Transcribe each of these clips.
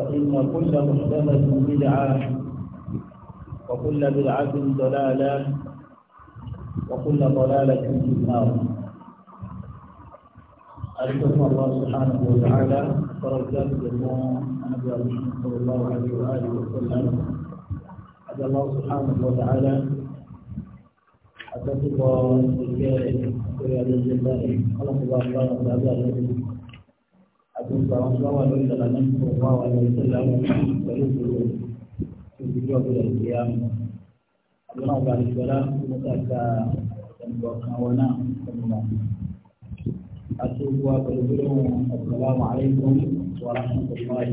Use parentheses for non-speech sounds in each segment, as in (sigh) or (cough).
فإن كل محدثة بدعة وكل بدعة ضلالة وكل ضلالة في النار أرجوكم الله سبحانه وتعالى فرجاء جميع نبي محمد صلى الله عليه وآله وسلم أدى الله سبحانه وتعالى الله الكائن ويا رجل الله خلق الله تعالى àtúntò àwọn tó wà lórí ìlànà náà kò wá wà lórí ìlànà pẹ̀lú ìṣòro ìdíjọ́ ìbílẹ̀ ìgbéyà àdúrà ọba àdìgbọ́lá tó ká ka ẹnìkan kan wọn náà fún wọn. أتوب بالظلم السلام عليكم ورحمة الله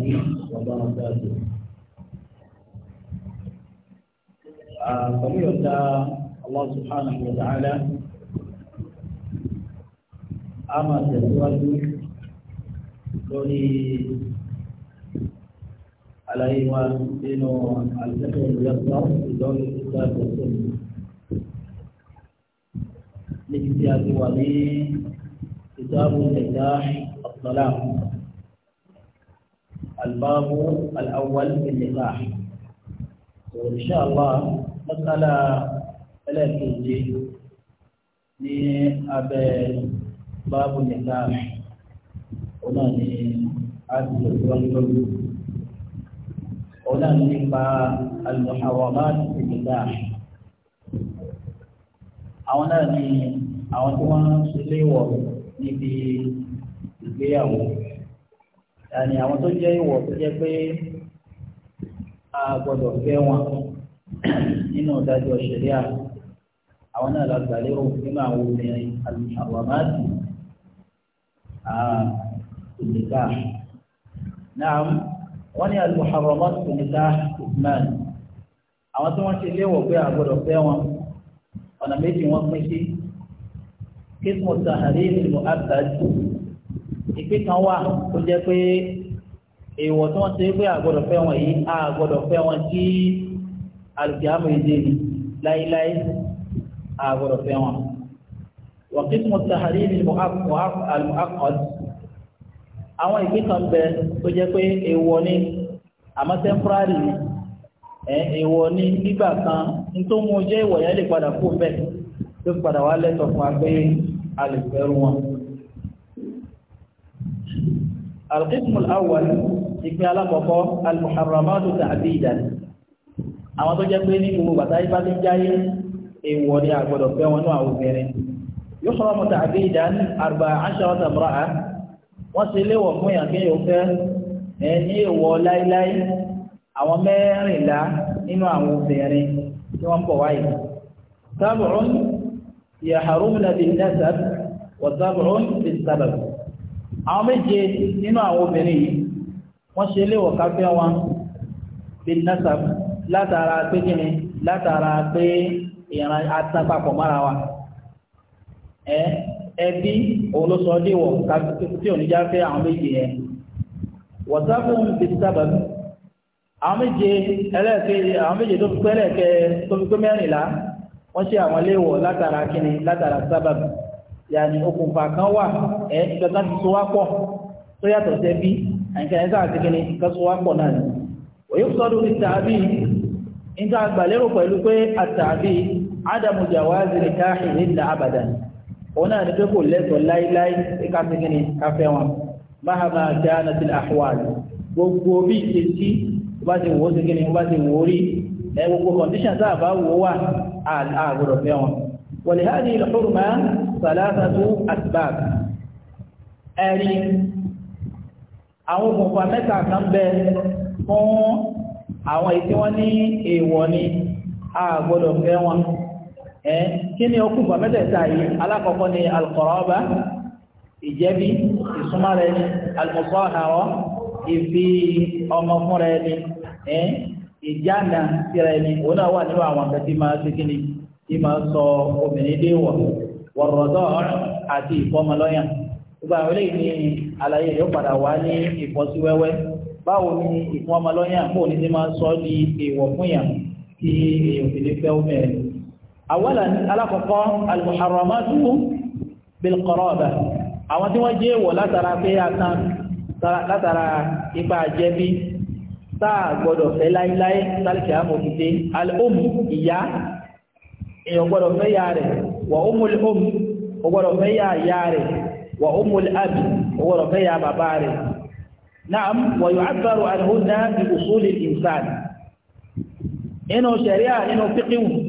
وبركاته قبل الله سبحانه وتعالى أما تزواج lórí àlàyé wa nínú àlùfẹ́fẹ́ ìrẹ́pọ̀ ìdánwò ìgbà ìgbàsẹ̀ níbi tí wà ní ìdáàbò الباب الأول في النكاح وإن شاء الله مسألة ẹlẹ́ẹ̀kejì ní abẹ́ báàbù nìkan òun náà ni a ti lè fi wáyé lórí òun náà nípa al-muharramat ìgbésà àwọn náà ni àwọn tí wọ́n ṣe léwọ̀ níbi ìgbéyàwó yàní àwọn tó jẹ́ ìwọ̀ tó jẹ́ pé a gbọ́dọ̀ fẹ́ wọn nínú ìdájọ́ ṣẹ̀ríà àwọn náà la gbàlérò nínú àwọn obìnrin al-muharramat. النكاح نعم وني المحرمات في النكاح إثمان àwọn tí wọ́n ṣe léwọ̀ pé àgbọ̀dọ̀ fẹ́ wọn ọ̀nà méjì wọ́n pín sí kíkún sàárì nínú àgbàjù ìpín kan wà tó jẹ́ pé èèwọ̀ tí wọ́n ṣe pé àgbọ̀dọ̀ fẹ́ wọn yìí àgbọ̀dọ̀ fẹ́ wọn kí alùpùpù èdè ni láíláí àgbọ̀dọ̀ fẹ́ wọn. wọ́n kíkún sàárì nínú àkọ́d àwọn ìpín kan bẹ tó jẹ́ pé èèwọ̀ ni àmọ́ tẹ́ḿpúrárì ni èèwọ̀ ni nígbà kan ní tó mú jẹ́ ìwọ̀ yẹn lè padà kú bẹ́ẹ̀ tó padà wá lẹ́tọ̀ fún wa pé a lè fẹ́rù wọn. alqismul awwal ìpín alákọ̀ọ́kọ́ almuharramatu ta'bidan àwọn tó jẹ́ pé ní gbogbo bàtà ibà tó jáyé èèwọ̀ ni àgbọ̀dọ̀ fẹ́ wọn ní àwọn obìnrin yuhramu ta'bidan arba'a asharata imra'a wọ́n ti léwọ̀ fún yàn kí yóò fẹ́ ẹ ní èèwọ̀ láíláí àwọn mẹ́rìnlá nínú àwọn obìnrin tí wọ́n ń bọ̀ wáyé sábùrún yàhàrúmùnà bíi nẹ́sàb wọ̀ sábùrún bíi sábàb àwọn méje nínú àwọn obìnrin yìí wọ́n ṣe léwọ̀ káfẹ́ wọn bíi nẹ́sàb látara pé kíni látara pé ìran atapapọ̀ mára wa ẹ́ ẹbí òun ló sọ ọ́ déwọ̀ tí òun já fẹ́ àwọn méje yẹn wọ̀sáfún ti sábà àwọn méje àwọn méje tó fi tó fi ṣe àwọn látara látara sábà yàní okùnfà kan wà ti wá tó sí ẹbí wá náà ni òye ti tàbí àgbàlérò pé àtàbí nílà àbàdàn òun náà ní pé kò lẹ́tọ̀ọ́ láíláí ká fi kí ni ká fẹ́ wọn máhàmá jáánà sí àhùwàlù gbogbo bí ìṣesí tó bá ti wò ó sí kí ni tó bá ti wò ó rí ẹ gbogbo condition tá a bá wò ó wà á gbọdọ̀ fẹ́ wọn. wọ̀lẹ̀ há ní ìlọ́kùnrin máa sàlásà tó àtibáà ẹ̀rí àwọn òkùnfà mẹ́ta kan bẹ fún àwọn èyí tí wọ́n ní èèwọ̀ ni a gbọdọ̀ fẹ́ wọn ẹ́ kí ni okùn gbà mẹ́tẹ̀ẹ̀ta yìí alákọ̀ọ́kọ́ ni alqaraba ìjẹ́bí ìsúnmọ́ rẹ ni almusahara ìfi ọmọ fún rẹ ni ẹ́ ìjáàna sí rẹ ni òun náà wà nínú àwọn nǹkan tí máa ṣe kí ni tí máa sọ obìnrin dé wọ̀ wọ̀rọ̀dọ̀ àti ìfọmọlọ́yàn gbogbo àwọn eléyìí ni àlàyé yóò padà wá ní ìfọ́síwẹ́wẹ́ báwo ni ìfún kò ní ti máa sọ di èèwọ̀ fún yàn kí èèyàn fi lè fẹ́ omi ẹ̀ أولا ألف قام المحرمات بالقرابة أو توجه ولا ترى فيها تان ترى لا ترى إبا جبي تا غدو في لاي لاي تلك أمودي الأم إياه يغدو في ياري وأم الأم يغدو في ياري وأم الأب يغدو في باباري نعم ويعبر عنهن بأصول الإنسان إنه شريعة إنه فقه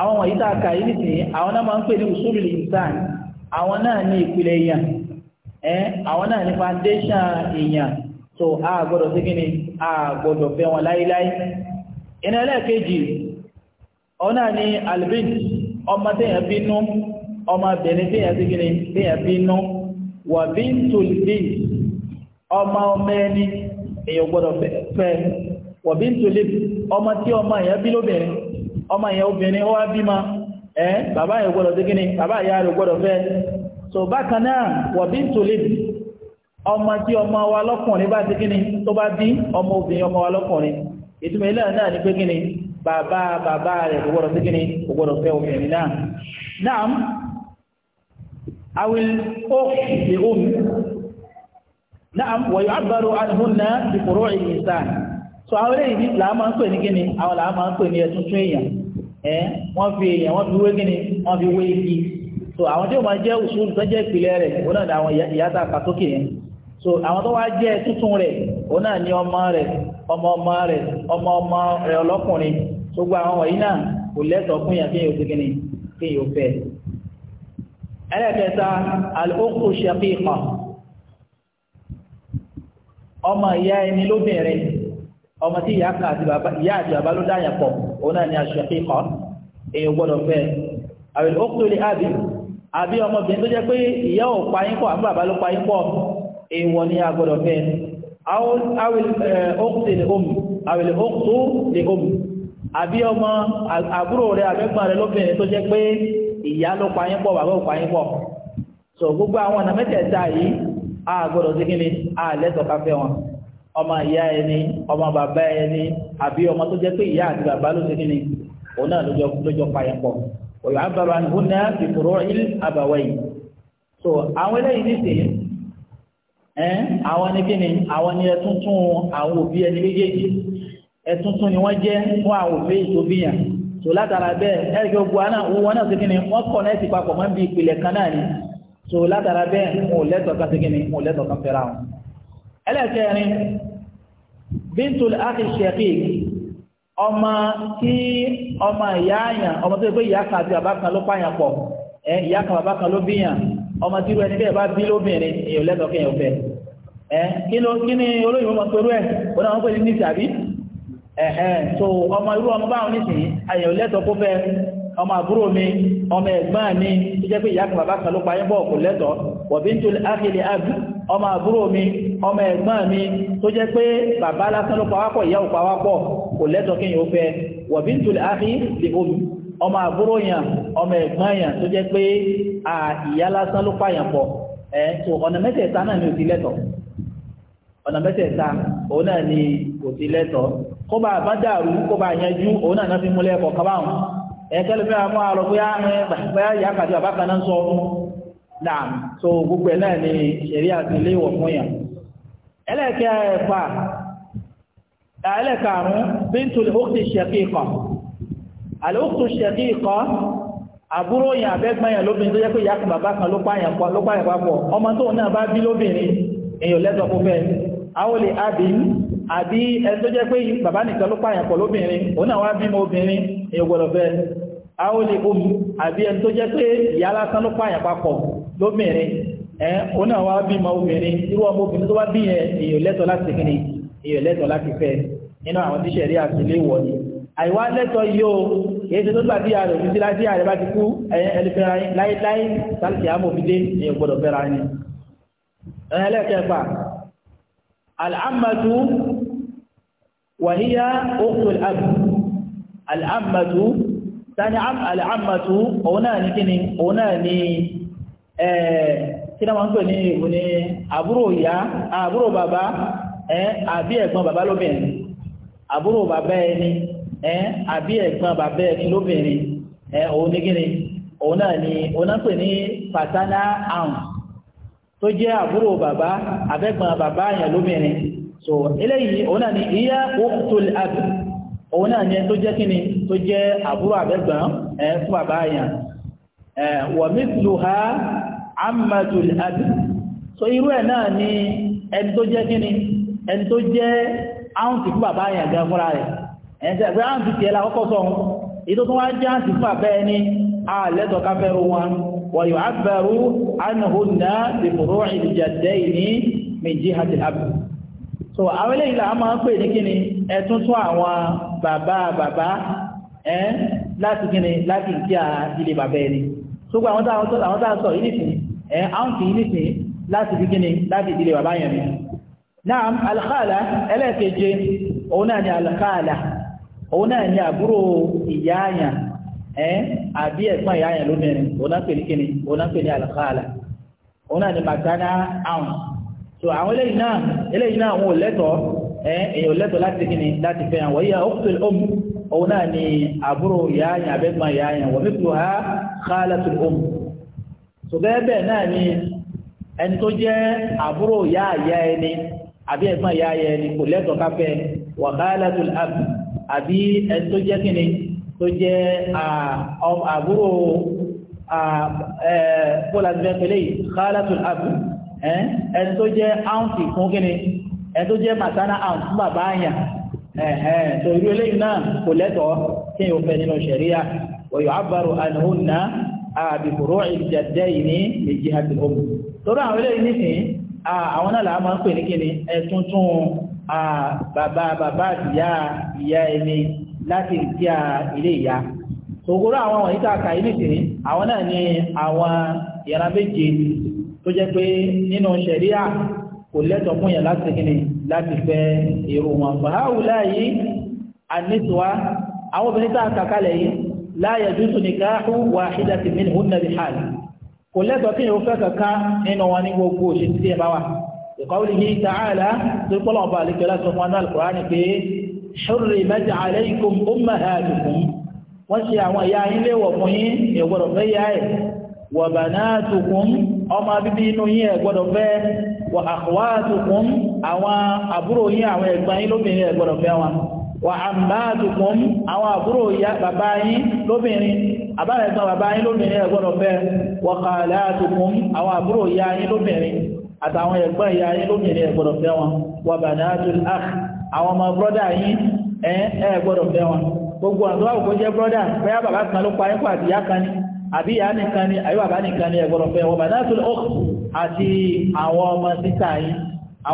àwọn wọ̀nyí tá a yìí nìsín àwọn náà máa ń pè ní usulul insan àwọn náà ní ìpìlẹ̀ èèyàn ẹ́ àwọn náà ní foundation èèyàn a gbọ́dọ̀ sí kíni a gbọ́dọ̀ fẹ́ wọn láíláí iná ẹlẹ́ẹ̀kejì ọ náà ní albin ọmọ téèyàn bínú ọmọ bẹ̀rẹ̀ téèyàn sí kíni téèyàn bínú wà bintul bint ọmọ ọmọ ẹni èèyàn gbọ́dọ̀ fẹ́ wà ọmọ tí ọmọ ọmọ ìyẹn obìnrin ó wá bímọ ẹ́ bàbá yẹn gbọ́dọ̀ dígíní bàbá ìyá rẹ̀ gbọ́dọ̀ fẹ́ so bákan náà wọ̀bí tòlè ọmọ tí ọmọ wa lọ́kùnrin bá dígíní tó bá bí ọmọ obìnrin ọmọ wa lọ́kùnrin ìtumọ̀ ilé náà ni pé gíní bàbá bàbá rẹ̀ gbọ́dọ̀ dígíní gbọ́dọ̀ fẹ́ obìnrin náà náà awil ó fi um náà wọ̀yọ̀ àbárò àdìhùn náà ti kúrò ìyìn so àwọn eléyìí ní làá máa ń pè ní kíni àwọn làá máa ń pè ní ẹ̀túntún èèyàn ẹ̀ wọ́n fi èèyàn wọ́n fi wé kíni wọ́n fi wé igi so àwọn tí ó máa jẹ́ usul tó jẹ́ ìpìlẹ̀ rẹ̀ òun náà ni àwọn ìyá tá yẹn so àwọn tó wá jẹ́ ẹ̀túntún rẹ̀ òun náà ni ọmọ rẹ̀ ọmọ ọmọ rẹ̀ ọmọ ọmọ rẹ̀ ọlọ́kùnrin gbogbo àwọn wọ̀nyí náà kò lẹ́tọ̀ọ́ fún yàn kéèyàn òsèké ni kéèyàn òfẹ́ ẹlẹ́kẹta al-ukhu shaqiqa ọmọ ìyá ẹni lóbìnrin ọmọ tí ìyá kan àti bàbá ìyá àti bàbá ló dáyà pọ̀ òun náà ni aṣọ kíkọ́ èèyàn gbọ́dọ̀ fẹ́ àwọn òkúlé àbí àbí ọmọbìnrin tó jẹ́ pé ìyá ò payín pọ̀ àbí bàbá ló payín pọ̀ ni a gbọ́dọ̀ fẹ́ àwìlẹ̀ òkúlé omi àbí ọmọ àbúrò rẹ̀ àbẹ́gbọ́n rẹ̀ lóbìnrin tó jẹ́ pé ìyá ló payín pọ̀ bàbá so gbogbo àwọn ọ̀nà mẹ́tẹ̀ẹ̀ta yìí a gbọ́dọ̀ sí a lẹ́tọ̀ọ́ ká fẹ́ ọmọ ìyá ẹni ọmọ bàbá ẹni àbí ọmọ tó jẹ́ pé ìyá àti bàbá ló ti kí ni òun náà lójọ payẹ̀pọ̀ òyò àbára ìhún náà fi fòrò ìlú àbàwẹ̀ yìí so àwọn eléyìí nìsín ẹn àwọn ni kí ni àwọn ni ẹtúntún àwọn òbí ẹni méjèèjì ẹtúntún ni wọ́n jẹ́ fún àwọn òbí ìtòbíyàn so látara bẹ́ẹ̀ ẹ̀rí kí gbogbo àná wọn náà ṣe kí ni wọ́n kọ̀ náà ti papọ̀ máa ń bi ìpìlẹ̀ kan náà ni so látara bẹ́ẹ̀ wọn lẹ́tọ̀ọ́ kan ṣe kí ni wọn lẹ́tọ̀ọ́ kan fẹ́ra wọn ẹlẹ́kẹ̀rin bíntul áàkì ṣẹ̀kì ọmọ tí ọmọ ìyá àyàn ọmọ tó gbé ìyá kan àti bàbá kan ló pààyàn pọ̀ ẹ ìyá kan bàbá kan ló bíyàn ọmọ tí wẹni bẹ́ẹ̀ bá bí lóbìnrin èèyàn lẹ́tọ̀ọ́ ni olóyìnbó mọ̀ torú ẹ̀ ó náà wọ́n pè ní níìsì àbí ẹ ẹ tó ọmọ irú àbúrò mi ọmọ ẹ̀gbọ́n mi tó jẹ́ pé ìyá kan bàbá kan ló pààyàn pọ̀ kò lẹ́tọ̀ọ́ wọ̀bíntò ákìlẹ̀ àbí ọmọ àbúrò mi ọmọ ẹ̀gbọ́n mi tó jẹ́ pé bàbá lásán ló pàwápọ̀ ìyá ò pàwápọ̀ kò lẹ́tọ̀ọ́ kí yín ó fẹ́ wọ̀bíntò ákìlẹ̀ omi ọmọ àbúrò yàn ọmọ ẹ̀gbọ́n yàn tó jẹ́ pé ìyá lásán ló pàyàn pọ̀ tó ọ̀nà mẹ́tẹ̀ẹ̀ta náà ni ò ti lẹ́tọ̀ọ́ ọ̀nà ni kò ti lẹ́tọ̀ọ́ kó bá bá dàrú kó bá yanjú òun náà náà fi múlẹ̀ ẹ̀kọ́ kábàáhùn ẹ̀kẹ́lẹ́fẹ́ àwọn àrọ̀ bóyá naam so gbogbo ẹ̀ náà ni ṣẹ̀rí àti ilé ìwọ̀ fún yàn ẹlẹ́ẹ̀kẹ́ ẹ̀fà ẹlẹ́ẹ̀kàrún bíntu lóòkùtì ṣẹ̀kíkọ̀ àlóòkùtù ṣẹ̀kíkọ̀ àbúrò yàn abẹ́gbọ́n yàn lóbìnrin tó jẹ́ pé yàtọ̀ bàbá kan ló pààyàn papọ̀ ọmọ tó náà bá bí lóbìnrin èèyàn lẹ́tọ̀ fún fẹ́ àwọlé àbí àbí ẹni tó jẹ́ pé bàbá nìkan ló pààyàn pọ̀ lóbìnrin òun náà wá bímọ obìnrin èèyàn gbọ́dọ̀ fẹ́ àwọlé omi um, àbí ẹni tó jẹ́ pé ìyá lóbìnrin ẹ́ òun náà wá bímọ obìnrin irú ọmọ obìnrin tó wá bí èèyàn lẹ́tọ̀ láti kí ni lẹ́tọ̀ láti fẹ́ nínú àwọn tíṣẹ̀ rí àtìlé wọ̀ àìwá lẹ́tọ̀ yóò kìí tó gbà bí ààrẹ òfin síláṣí ààrẹ bá ti kú ẹlẹ́fẹ́ra láíláí kí náà wọ́n pè ní ìwò àbúrò ìyá àbúrò bàbá àbí ẹ̀gbọ́n bàbá lóbìnrin àbúrò bàbá ẹni àbí ni òun náà pè ní tó jẹ́ àbúrò bàbá bàbá lóbìnrin so eléyìí òun náà ni ìyá òun náà ni tó jẹ́ kíni tó jẹ́ àbúrò fún amatul abi so irú ẹ̀ náà ni ẹni tó jẹ́ kíni ẹni tó jẹ́ áùntì fún bàbá yẹn gan fúnra rẹ̀ ẹni tẹ́ áùntì tiẹ̀ la kọ́kọ́ sọ ètò tó wá jẹ́ áùntì fún bàbá ẹni àlẹ́tọ̀ káfẹ́rú wọn wọ̀yọ̀ àbẹ̀rú anahunna bi furu'i al-jaddayni min jihati so àwọn eléyìí làá máa ń pè ní kíni ẹ̀tún tún àwọn bàbá bàbá ẹ́ láti kíni láti ìdí à bàbá ẹni ṣùgbọ́n àwọn táwọn sọ yìí nìsín ẹ̀ àwọn kìí nìsìn láti fi gíní láti ìdílé bàbá yẹn mi náà alkhala ẹlẹ́ẹ̀keje òun náà ni alkhala òun náà ni àbúrò ìyáyàn ẹ̀ àbí ẹ̀gbọ́n ìyáyàn lóbìnrin òun náà pè ní kíni òun náà pè ní alkhala so àwọn eléyìí náà eléyìí náà wọn ò lẹ́tọ̀ọ́ èèyàn lẹ́tọ̀ọ́ láti kíni láti fẹ́ àwọn yíya ọ́pùtùl ọmù umm. òun náà ni àbúrò ìyáyàn àbẹ́gbọ́n sọgẹ́bẹ̀ náà ni ẹni tó jẹ́ àbúrò ìyá ìyá ẹni àbí ẹ̀gbọ́n ìyá ìyá ẹni kò lẹ́tọ̀ọ́ káfẹ́ wàhálàtul ab àbí ẹni tó jẹ́ kíni tó jẹ́ àbúrò bọ́làdínlẹ́pẹ̀lẹ́ yìí khalatul ab ẹni tó jẹ́ áùntì fún kíni ẹni tó jẹ́ màtánà áùntì bàbá àyà tó irú eléyìí náà kò lẹ́tọ̀ọ́ kí n yóò fẹ́ nínú ṣẹ̀ríà wọ̀yọ̀ àbárò àníhùn náà àbìkòrò ìjàdẹ́ yìí ní èjì àti ogun torí àwọn ilé nísìn ah, àwọn náà làá máa ń pè ní kíni ẹ̀tuntun ah, bàbá bàbá àdìyá ìyá ẹni láti ìdí ilé ìyá ògòrò àwọn wọ̀nyí tá a kà yìí àwọn náà ni àwọn ìran méje tó jẹ́ pé nínú ṣẹ̀ríà kò lẹ́tọ̀ fún yẹn láti kíni láti fẹ́ èrò wọn fàáwù láàyè àníṣùwà àwọn obìnrin tá a kà yìí la yajuzu nikahu wahidatin minhunna bihal kò lẹ́tọ̀ọ́ kí yóò fẹ́ kankan nínú wọn ní gbogbo òṣèlú tí ẹ bá wà liqawlihi ta'ala tó kọ́lọ̀ ọba àlejò láti fún aná al-Qur'ani pé hurrimat alaykum ummahatukum wọ́n ṣe àwọn ìyá ilé wọ̀ fún yín ẹ gbọ́dọ̀ fẹ́ yá ẹ̀ wa banatukum ọmọ bíbí inú yín ẹ gbọ́dọ̀ fẹ́ wa akhwatukum àwọn àbúrò yín àwọn ẹ̀gbọ́n yín lóbìnrin ẹ gbọ́dọ̀ fẹ́ wọn wà àmbáàdùkún àwọn àbúrò ìyá bàbá yín lóbìnrin àbárẹ̀gbọ́n bàbá yín lóbìnrin ẹ̀gbọ́dọ̀ fẹ́ wà kààlàádùkún àwọn àbúrò ìyá yín lóbìnrin àtàwọn ẹ̀gbọ́n ìyá yín lóbìnrin ẹ̀gbọ́dọ̀ fẹ́ wọn wà bàdáàdùl akh àwọn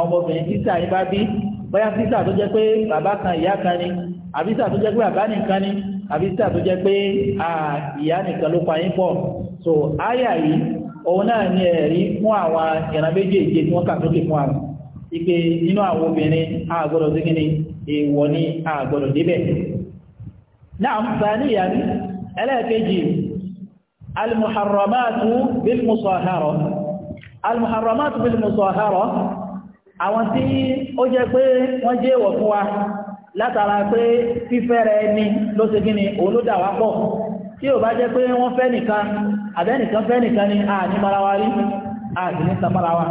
ọmọ bóyá sísà tó jẹ́ pé bàbá kan ìyá kan ni àbí sísà tó jẹ́ pé bàbá nìkan ni àbí tó jẹ́ pé ìyá nìkan ló pa yín pọ̀ so áyà yìí òun náà ní ẹ̀rí fún àwọn ìran méjèèjì tí wọ́n kà sókè fún àwọn ike nínú àwọn obìnrin àgbọ̀dọ̀ sí kíni èèwọ̀ ni àgbọ̀dọ̀ náà ń fa níyà ẹlẹ́ẹ̀kejì almuharramatu bilmusahara almuharramatu bilmusahara àwọn tí ó jẹ́ pé wọ́n jẹ́ èèwọ̀ fún wa látara pé fífẹ́ rẹ ni ló ṣe gíní òun ló dà wá pọ̀ tí ò bá jẹ́ pé wọ́n fẹ́ nìkan àbẹ́nìkan fẹ́ nìkan ni a ní mara wa rí a sì ní samara wa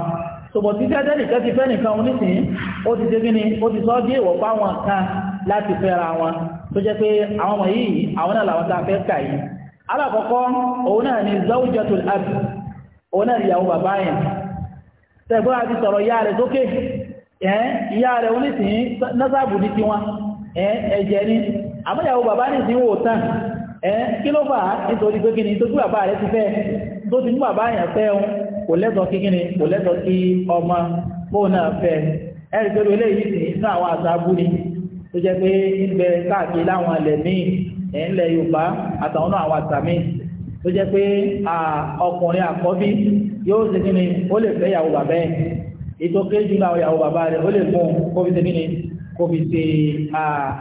ṣùgbọ́n tí tẹ́tẹ́ nìkan ti fẹ́ nìkan òun nísìn ó ti ṣe gíní ó ti sọ jẹ́ èèwọ̀ fáwọn kan láti fẹ́ra wọn tó jẹ́ pé àwọn ọmọ yìí àwọn náà làwọn tá a fẹ́ kà yìí alákọ̀ọ́kọ́ òun náà ni zawjatul ab òun náà ni ìyàwó bàbá yẹn tẹ̀gbọ́n àti sọ̀rọ̀ ìyá rẹ̀ sókè ìyá rẹ̀ onísìn násàbù ní tiwọn ẹ̀jẹ̀ ni àmọ́yàwó bàbá nìsìn wò tán kí ló fà á nítorí pé kí ni tó tí bàbá rẹ̀ ti fẹ́ tó ti mú bàbá èèyàn fẹ́ ohun kò lẹ́tọ̀ọ́ kí kíni kò lẹ́tọ̀ọ́ kí ọmọ fóun náà fẹ́ ni tó jẹ́ pé ń bẹ káàkiri láwọn ilẹ̀ míì ẹ̀ ń lẹ tó jẹ́ pé ọkùnrin àkọ́bí yóò ṣe kí ni ó lè fẹ́ ìyàwó bàbá ẹ̀ ètò kéré jùlọ àwọn ìyàwó bàbá rẹ̀ ó lè mú kó fi ṣe kí ni kó ṣe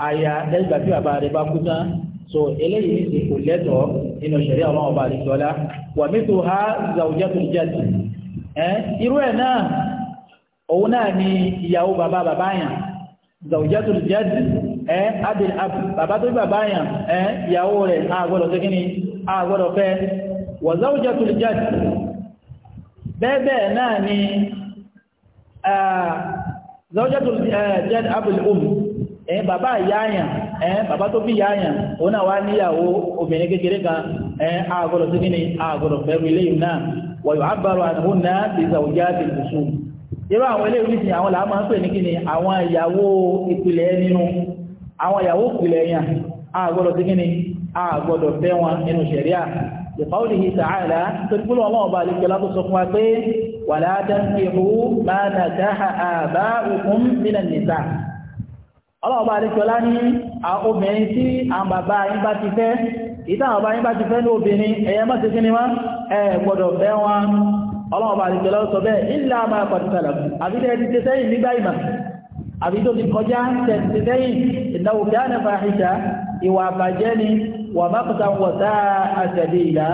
àyà lẹ́gbà tí bàbá rẹ̀ bá kú tán so eléyìí ní ṣe kò lẹ́tọ̀ọ́ nínú ìṣẹ̀lẹ̀ ọmọ ọba àdìsọ́lá wà mítò ha zawjatul jadd ẹ́ irú ẹ̀ náà òun náà ni ìyàwó bàbá bàbá yàn zawjatul jadd ẹ́ abdul bàbá tó bàbá yàn ẹ́ ìyàwó rẹ̀ àgbọ̀dọ̀ tó kí ni àgbọ́dọ̀ fẹ́ wa zawjatul jadd bẹ́ẹ̀bẹ́ náà ni zawjatul eh, jadd abul um ẹ̀yìn bàbá yáyàn ẹ̀yìn bàbá tó bí yáyàn òun náà wá níyàwó obìnrin kékeré kan ẹ̀yìn àgbọ́dọ̀ sí kíni àgbọ́dọ̀ fẹ́rù ilé yìí náà wa yu'abbaru anhunna bi zawjatil usum irú àwọn ilé ìwé ìsìn àwọn làá máa ń pè ìyàwó ìpìlẹ̀ nínú àwọn ìyàwó ìpìlẹ̀ yàn àgbọ́dọ̀ sí kíni àgbọ̀dọ̀ fẹ́ wọn nínú ṣẹ̀ríà ìfàwọ́lìhì tààlà tó ní gbọ́lọ̀ ọlọ́ọ̀bá alẹ́kẹ́ látó sọ fún wa pé wà látàkì hù máa nà dáhà àbá òkun nínà nìta ọlọ́ọ̀bá alẹ́kẹ́ lá ní obìnrin tí àwọn bàbá yín bá ti fẹ́ ìtàn bàbá ti fẹ́ ní obìnrin ẹ̀yẹ má àbí tó ti kọjá tẹ̀sí lẹ́yìn ìnáwó gánà fàáhíṣà ìwà àbàjẹ́ ni wà mákòtà wọ̀tá àṣẹ̀dé ìlà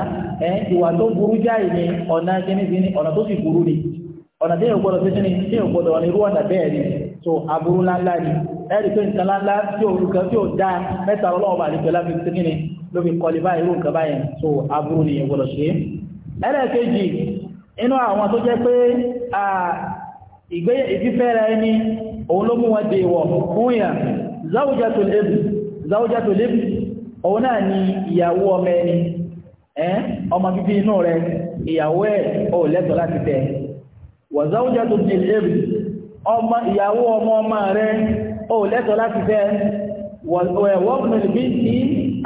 ẹ̀ ìwà tó burú jáì ni ọ̀nà jẹ́nìfín ni ọ̀nà tó sì burú ni ọ̀nà tí yóò gbọ́dọ̀ tẹ́sí ni tí yóò gbọ́dọ̀ ní irú ọ̀nà bẹ́ẹ̀ ni so aburú ńláńlá ni ẹ̀rí pé nǹkan ńláńlá tí ò nǹkan tí ò dá mẹ́ta ọlọ́wọ́ bá nípa láti tẹ́sí ni ló fi kọ́lé ìgbé ìfífẹ́ra ẹni òun ló mú wọn dè wọ̀ fún ìyà zawjatul ibn zawjatul ibn òun náà ni ìyàwó ọmọ ẹni ẹ́n ọmọ bíbí inú rẹ̀ ìyàwó ẹ̀ ò lẹ́tọ̀ láti tẹ̀ wa zawjatul ibn ọmọ ìyàwó ọmọ ọmọ rẹ̀ ò lẹ́tọ̀ láti tẹ̀ wọ́pùnlẹ̀ bí ní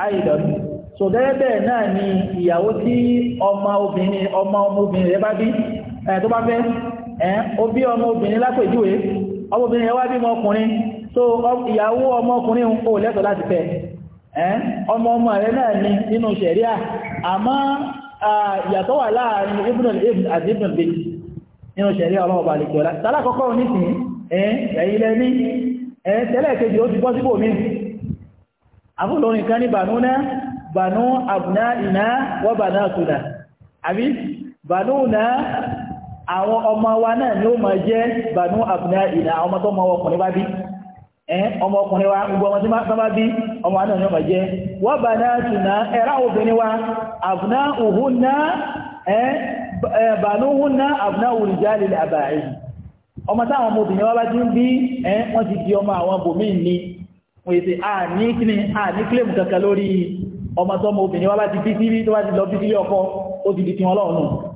àìdọ̀n ọmọ obìnrin ọmọ bá bí ẹ̀ tó bá fẹ́ ẹ̀ obi ọmọ obìnrin lápèjúwe ọmọbìnrin ẹwà bímọ ọkùnrin so ìyàwó ọmọkùnrin ò lẹ́tọ̀ láti fẹ́ ẹ̀ ọmọ ọmọ rẹ̀ náà ni nínú ṣẹ̀ríà àmọ́ ìyàtọ̀ wà láàrin ibùdó àti ibùdó bèjì nínú ṣẹ̀ríà ọlọ́ọ̀bà lè kíọ́lá tálákọ́kọ́ nísìn ẹ̀ ẹ̀yìn lẹ́ní ẹ̀ tẹ́lẹ̀ kejì ó ti bọ́ síbò mí àfúlórin kan ní bànú náà àbí bànú náà àwọn ọmọ wa náà ni ó máa jẹ́ bànú àbúná ìlà ọmọ tó mọ ọkùnrin bá bí ọmọ ọkùnrin wa gbogbo ọmọ tí wọ́n bá bí ọmọ náà ni ó máa jẹ́ wọ́n bá náà tùnà ẹ̀rá obìnrin wa àbúná òhun náà bànú òhun náà àbúná òrìjà lè àbàáyì ọmọ táwọn ọmọ wa bá ni wọ́n yìí àní kíni àní kílèmù kankan lórí ọmọ tó ọmọ obìnrin wa bá ti bí síbí tó bá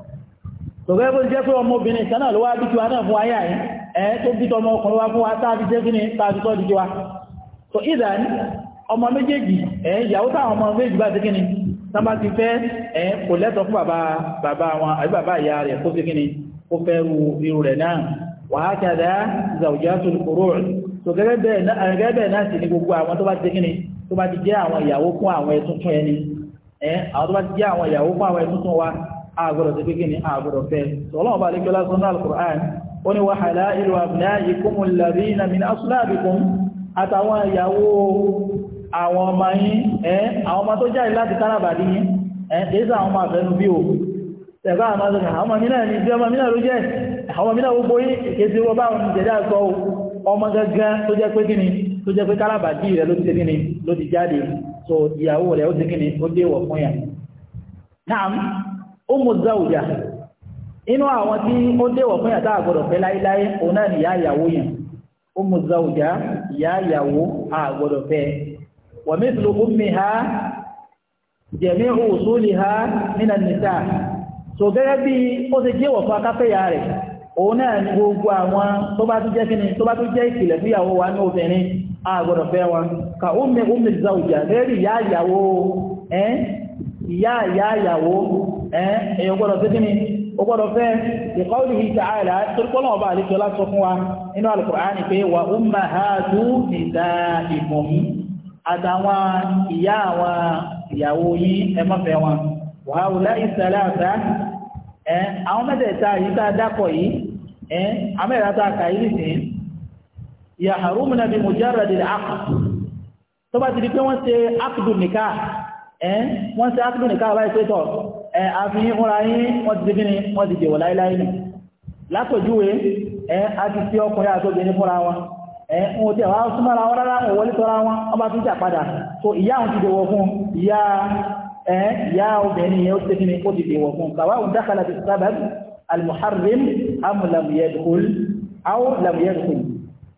tòkẹ́ bó jẹ́ pé ọmọbìnrin kanáà ló wá bí tiwa náà fún ayá yìí ẹ̀ tó bí tọmọ ọkùnrin wá fún wa táàbí jẹ́ gíní táàbí tọ́ di tiwa so ìdá ní ọmọ méjèèjì ẹ̀ ìyàwó táwọn ọmọ méjèèjì bá ti gíní tán bá ti fẹ́ ẹ̀ kò lẹ́tọ̀ fún bàbá bàbá wọn àbí bàbá ìyá rẹ̀ kó ti gíní kó fẹ́ ru irú rẹ̀ ni gbogbo àwọn tó bá ti gíní tó bá ti jẹ́ àwọn ìyàwó fún àwọn ẹ̀túntún ẹni ẹ̀ àwọn tó bá ti àgbọ̀rọ̀ ti pínkì ní àgbọ̀rọ̀ fẹ́ sọ́lọ́wọ́ bá lẹ́gbẹ́lá sọ́nà al-Qur'an ó ní wa halailu abnaikum alladhina min aslabikum àtàwọn ìyàwó àwọn ọmọ yín ẹ́ àwọn ọmọ tó jáde láti táràbàdí yín ẹ́ èsì àwọn ní bí ọmọ mìíràn ló jẹ́ àwọn mìíràn gbogbo yí ìkéṣe wọ báwọn ní jẹ́dá sọ ọmọ gangan tó jẹ́ pé kíni tó jẹ́ pé káràbàdí rẹ̀ ló ti kíni ló ti jáde so ìyàwó rẹ̀ ó ti kíni ó déwọ̀ fún yà náà ó mú záwùjá inú àwọn tí ó déwọ̀ fún yàtá àgbọ̀dọ̀ fẹ́ láíláí òun náà ni ìyá ìyàwó yẹn ó mú záwùjá ìyá ìyàwó àgbọ̀dọ̀ fẹ́ wà mithlu ummiha jami'u usuliha minan nisa so gẹ́gẹ́ bí ó ti déwọ̀ fún akáfẹ́yà rẹ̀ òun náà ni gbogbo àwọn tó bá tún jẹ́ kíni tó bá tún jẹ́ ìkìlẹ̀ fún ìyàwó wa ní obìnrin àgbọ̀dọ̀ fẹ́ wọn ka ummi ummi záwùjá gẹ́gẹ́ bí ìyá ẹ́ ìyá ìyá ìyàwó ẹ̀yàn gbọ́dọ̀ sí kíni ó gbọ́dọ̀ fẹ́ liqawlihi ta'ala torípọ́lọ̀ ọba àlejò láti sọ fún wa nínú Al-Qur'ani pé wa ummahatu nisa'ikum àtàwọn ìyá àwọn ìyàwó yìí ẹ má fẹ́ wọn wa ha'ula'i thalatha ẹ àwọn mẹ́tẹ̀ẹ̀ta yìí tá a dákọ̀ yìí ẹ amẹ́rẹ́ tá a kà yìí ẹ́n wọ́n tí ápùdù ní káàbá ìpétọ̀ ẹ̀ àfihàn ọ̀rá yìí wọ́n ti gíní wọ́n ti dèwò láíláí nì látòjúwé ẹ̀ a ti fi ọkùnrin àtòbìnrin fúnra wọn ẹ̀ ń tẹ̀ wá súnmọ́ra wọn rárá wọn wọlé tọ́ra wọn wọ́n bá tún jà padà so ìyá òun ti dèwò fún ìyá ẹ̀ ìyá obìnrin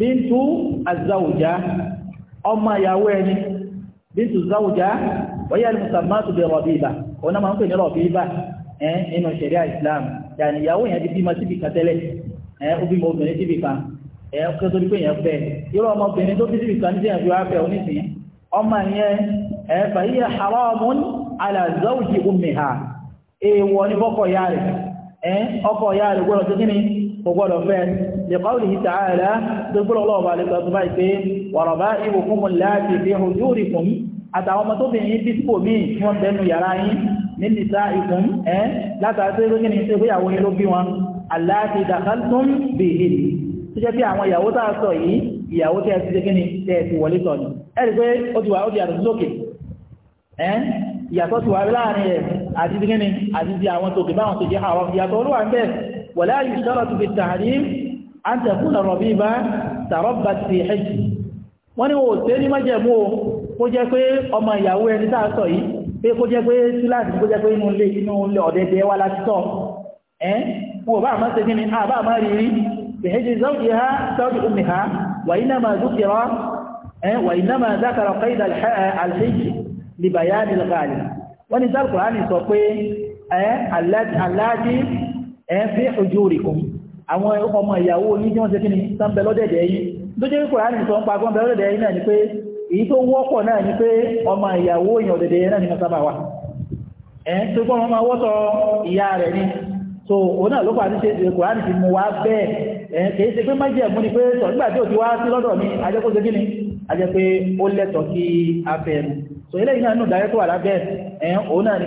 bíntú azawuja ọmọ ìyàwó ẹni bíntú zawuja wọ́yá alìmùsàmá tó bẹ̀ rọ̀bíbà òun náà máa ń pè ní rọ̀bíbà ẹ̀ nínú ṣẹ̀ríà islam yàní ìyàwó yẹn ti bímọ síbi kan tẹ́lẹ̀ ẹ̀ ó bímọ obìnrin síbi kan ẹ̀ ó kẹ́ torí pé yẹn fẹ́ irú ọmọbìnrin tó bí síbi kan níjẹ́ ìwé afẹ́ onísìn ọgbọ́dọ̀ fẹ́ liqawlihi ta'ala dógbòrò ọlọ́ọ̀bà lẹ́gbẹ̀ẹ́ tó báyìí pé wa raba'ibukumul lati fi hujurikum àtàwọn ọmọ tó bìnrin bí sípò míì tí wọ́n bẹnu yàrá yín ní nìta ikùn ẹ́ látàrí tó ní ní ìgbéyàwó yín ló bí wọn allati dakhaltum bihin tó jẹ́ pé àwọn ìyàwó tá a sọ yìí ìyàwó tẹ́ ti ìyàtọ̀ ti wà láàrin ẹ̀ àti dégé àti ti àwọn tòkè báwọn tòkè àwọn ìyàtọ̀ olúwa ń bẹ́ẹ̀ ولا يشترط في التحريم أن تكون الربيبة تربت في حج wọ́n ni wọ́n tẹ́ ní májẹ̀mú o kó jẹ́ pé ọmọ ìyàwó ẹni tàà sọ yìí pé kó jẹ́ pé síláàtì kó jẹ́ pé inú ilé inú ilé ọ̀dẹ̀dẹ̀ wá láti tọ́ ẹ́n wọ́n bá máa ṣe gíní àbá máa rí rí bẹ̀ẹ́jì zọ́ọ̀dì ha zọ́ọ̀dì omi ha وإنما ذكر وإنما ذكر قيد الحج لبيان الغالب wọ́n ni ẹ̀ẹ́fí ojú òrìkún àwọn ọmọ ìyàwó ní tí wọ́n ṣe kí ni sánbẹ̀ lọ́dẹ̀dẹ̀ yìí tó jẹ́ wípé ráàlì sọ ń pa gọ́nbẹ̀ lọ́dẹ̀dẹ̀ yìí náà ni pé èyí tó wọ́pọ̀ náà ni pé ni so òun náà ló fà ní ṣe ìṣe kùránì ti mú wa bẹ́ẹ̀ ẹ̀ kìí ni pé sọ nígbà tí ò ti so eléyìí náà nù dáyẹ́kọ́ àlábẹ́ ẹ̀ òun náà ni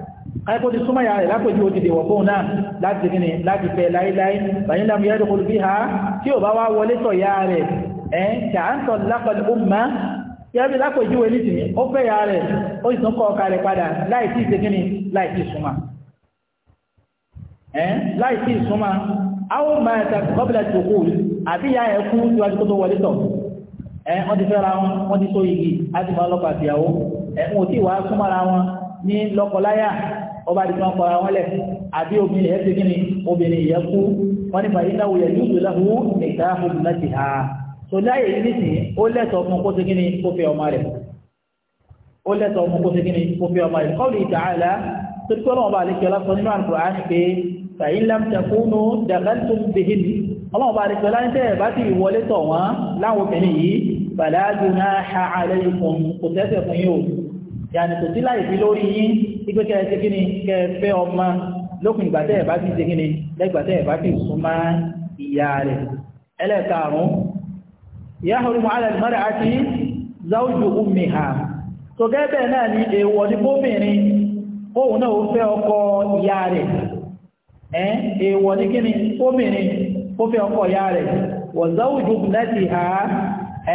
ayẹ́kọ́ ti súnmọ́ ìyá rẹ̀ lápẹjú òdìdè wọ̀fóun náà láti gíní láti fẹ́ láíláí bàyí lámù yẹ́ dùkú bí ha tí ò bá wá wọlé tọ̀ ìyá rẹ̀ ẹ̀ kà ń tọ̀ lápẹjú ọmọ yẹ́bí lápẹjú wẹ̀ nítìní ó fẹ́ ìyá rẹ̀ ó sì tún kọ́ ọkà rẹ̀ padà láìsí ìsegíní láìsí súnmọ́ ẹ̀ láìsí súnmọ́ àwọn máa ẹ̀ta kọ́bílẹ̀ tó kù wọ́n ti fẹ́ra wọn wọ́n ti tó igi á máa lọ́pàá àtìyàwó ẹ̀ ò tí wàá súnmọ́ra wọn ní lọ́kọláyà ọba àti wọn kọra wọn lẹ àbí obìnrin yẹn ti kíni obìnrin yẹn kú wọn ní fàyín náà wòye yóò gbéra hu nìka obìnrin láti ha tó láyé yìí nìsín ó lẹ́tọ̀ọ́ fún kó ti kíni kó fẹ́ ọmọ rẹ̀ ó lẹ́tọ̀ọ́ fún kó ti kíni kó fẹ́ ọmọ rẹ̀ kọ́ọ̀lù ìtàhálà torí pé ọlọ́wọ́n bá àlejò ọlọ́sọ nínú Al-Qur'an pé fàyín lam takunu dàgbàtún bihin ọlọ́wọ́n bá àlejò yàní kò sí láì fi lórí yín ipé kẹ́ ẹ ṣe kíni kẹ́ ẹ fẹ́ ọmọ lókun ìgbà tẹ́ ẹ bá ti ṣe kíni lẹ́gbà tẹ́ ẹ bá ti súnmọ́ ìyá rẹ̀ ẹlẹ́ẹ̀karùn-ún yahrumu ala al-mar'ati zawju ummiha tó gẹ́gẹ́ náà ni èèwọ̀ ní bóbìnrin òun náà ó fẹ́ ọkọ ìyá rẹ̀ ẹ́ èèwọ̀ ní kíni bóbìnrin ó fẹ́ ọkọ ìyá rẹ̀ wa zawju ibnatiha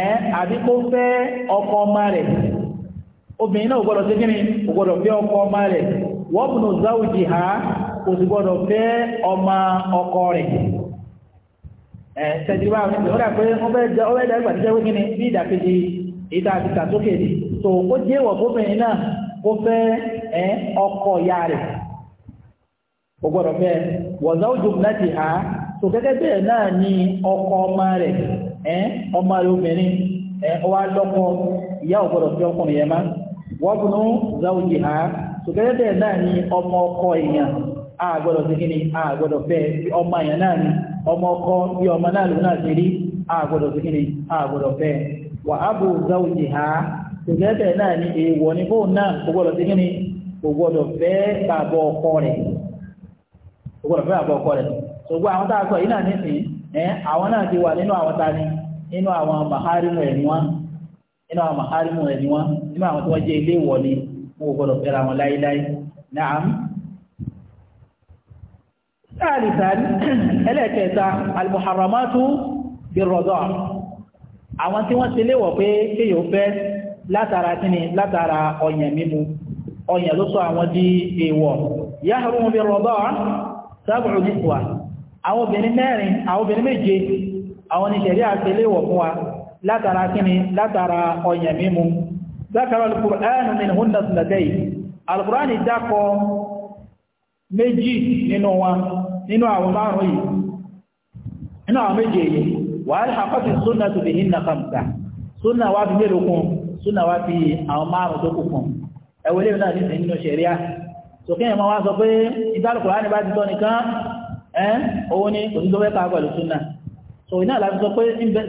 ẹ́ àbí kó fẹ́ ọkọ ọmọ rẹ̀ obìnrin náà gbọ́dọ̀ síkíní gbọ́dọ̀ fẹ́ ọkọ ọmọ rẹ̀ wọ́n bùnú záwùjì ha kò sì gbọ́dọ̀ fẹ́ ọkọ rẹ̀ ẹ̀ ó dà pé jẹ́wé bí ìdàkejì ìta àti ni tó ó jẹ́ ọkọ ya rẹ̀ kò fẹ́ wọ̀n záwùjù láti ha tó gẹ́gẹ́ bẹ́ẹ̀ náà ni ọkọ ọmọ rẹ̀ ẹ̀ ọmọ rẹ̀ obìnrin ọwọ́ ìyá wọ́bùnú záwùjì ha ṣùgbọ́n ẹgbẹ́ náà ni ọmọ ọkọ èèyàn àgbọ̀dọ̀ sí kíni fẹ́ ọmọ èèyàn náà ni ọmọ ọkọ bí ọmọ náà lòun náà ti wà á ha ṣùgbọ́n náà ni èèwọ̀ ní fóun náà kò gbọ́dọ̀ kíni kò gbọ́dọ̀ fẹ́ bàbọ̀ ọkọ rẹ̀ kò gbọ́dọ̀ fẹ́ bàbọ̀ ọkọ rẹ̀ àwọn a sọ yìí náà nísìnyí àwọn náà ni nínú àwọn nínú àwọn maharimu rẹ̀ ni wọ́n nínú àwọn tó wá jẹ́ ilé ìwọ̀ ni wọn ò gbọ́dọ̀ fẹ́ra wọn láíláí naam. sáàlìsàn ẹlẹ́kẹta alimuharamatu birrada àwọn tí wọ́n ti léwọ̀ pé kéèyàn fẹ́ látara kíni látara ọ̀yàn mímu ọ̀yàn ló sọ àwọn di èèwọ̀ yahrumu birrada sábùrù nípò àwọn obìnrin mẹ́rin àwọn obìnrin méje àwọn oníṣẹ̀rí àti léwọ̀ fún wa látara kíni látara ọ̀yẹ̀ mímu zakara alkùránù min hunna sinadai alkùránì dákọ méjì nínú wa nínú àwọn márùn yìí nínú àwọn méjì èyí wà á hàkọ́tí súnà tó bí hinna kamsa súnà wá fi mélòó kún súnà wá fi àwọn márùn tó kún ẹwọlé náà ní sẹ́yìn nínú ṣẹ̀ríà sókè ẹ̀mọ́ wá sọ pé ìdálùkùránì bá ti tọ́ nìkan ẹ́ òun ni òtítọ́ fẹ́ ká pẹ̀lú súnà so iná àlàfi sọ pé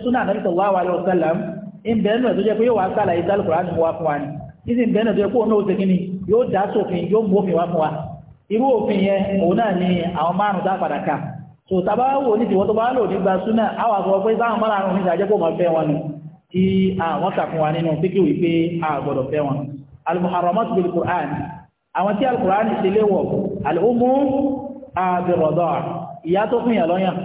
súnà àdábì sallallahu alaihi wasallam ń bẹ̀rẹ̀ náà tó jẹ́ pé yóò wá sàlàyé sálùkùrá ní wá fún wa ni ìsì ń bẹ̀rẹ̀ náà tó jẹ́ pé òun náà ó ṣe kíni yóò dá sófin yóò mú òfin wá fún wa irú òfin yẹn òun náà ni àwọn márùn tá padà kà so tàbá wò ní tìwọ́ tó bá lò nígbà súnà àwọn àgbọ̀ pé sáwọn márùn ní ìdájẹ́ pé òun fẹ́ wọn ni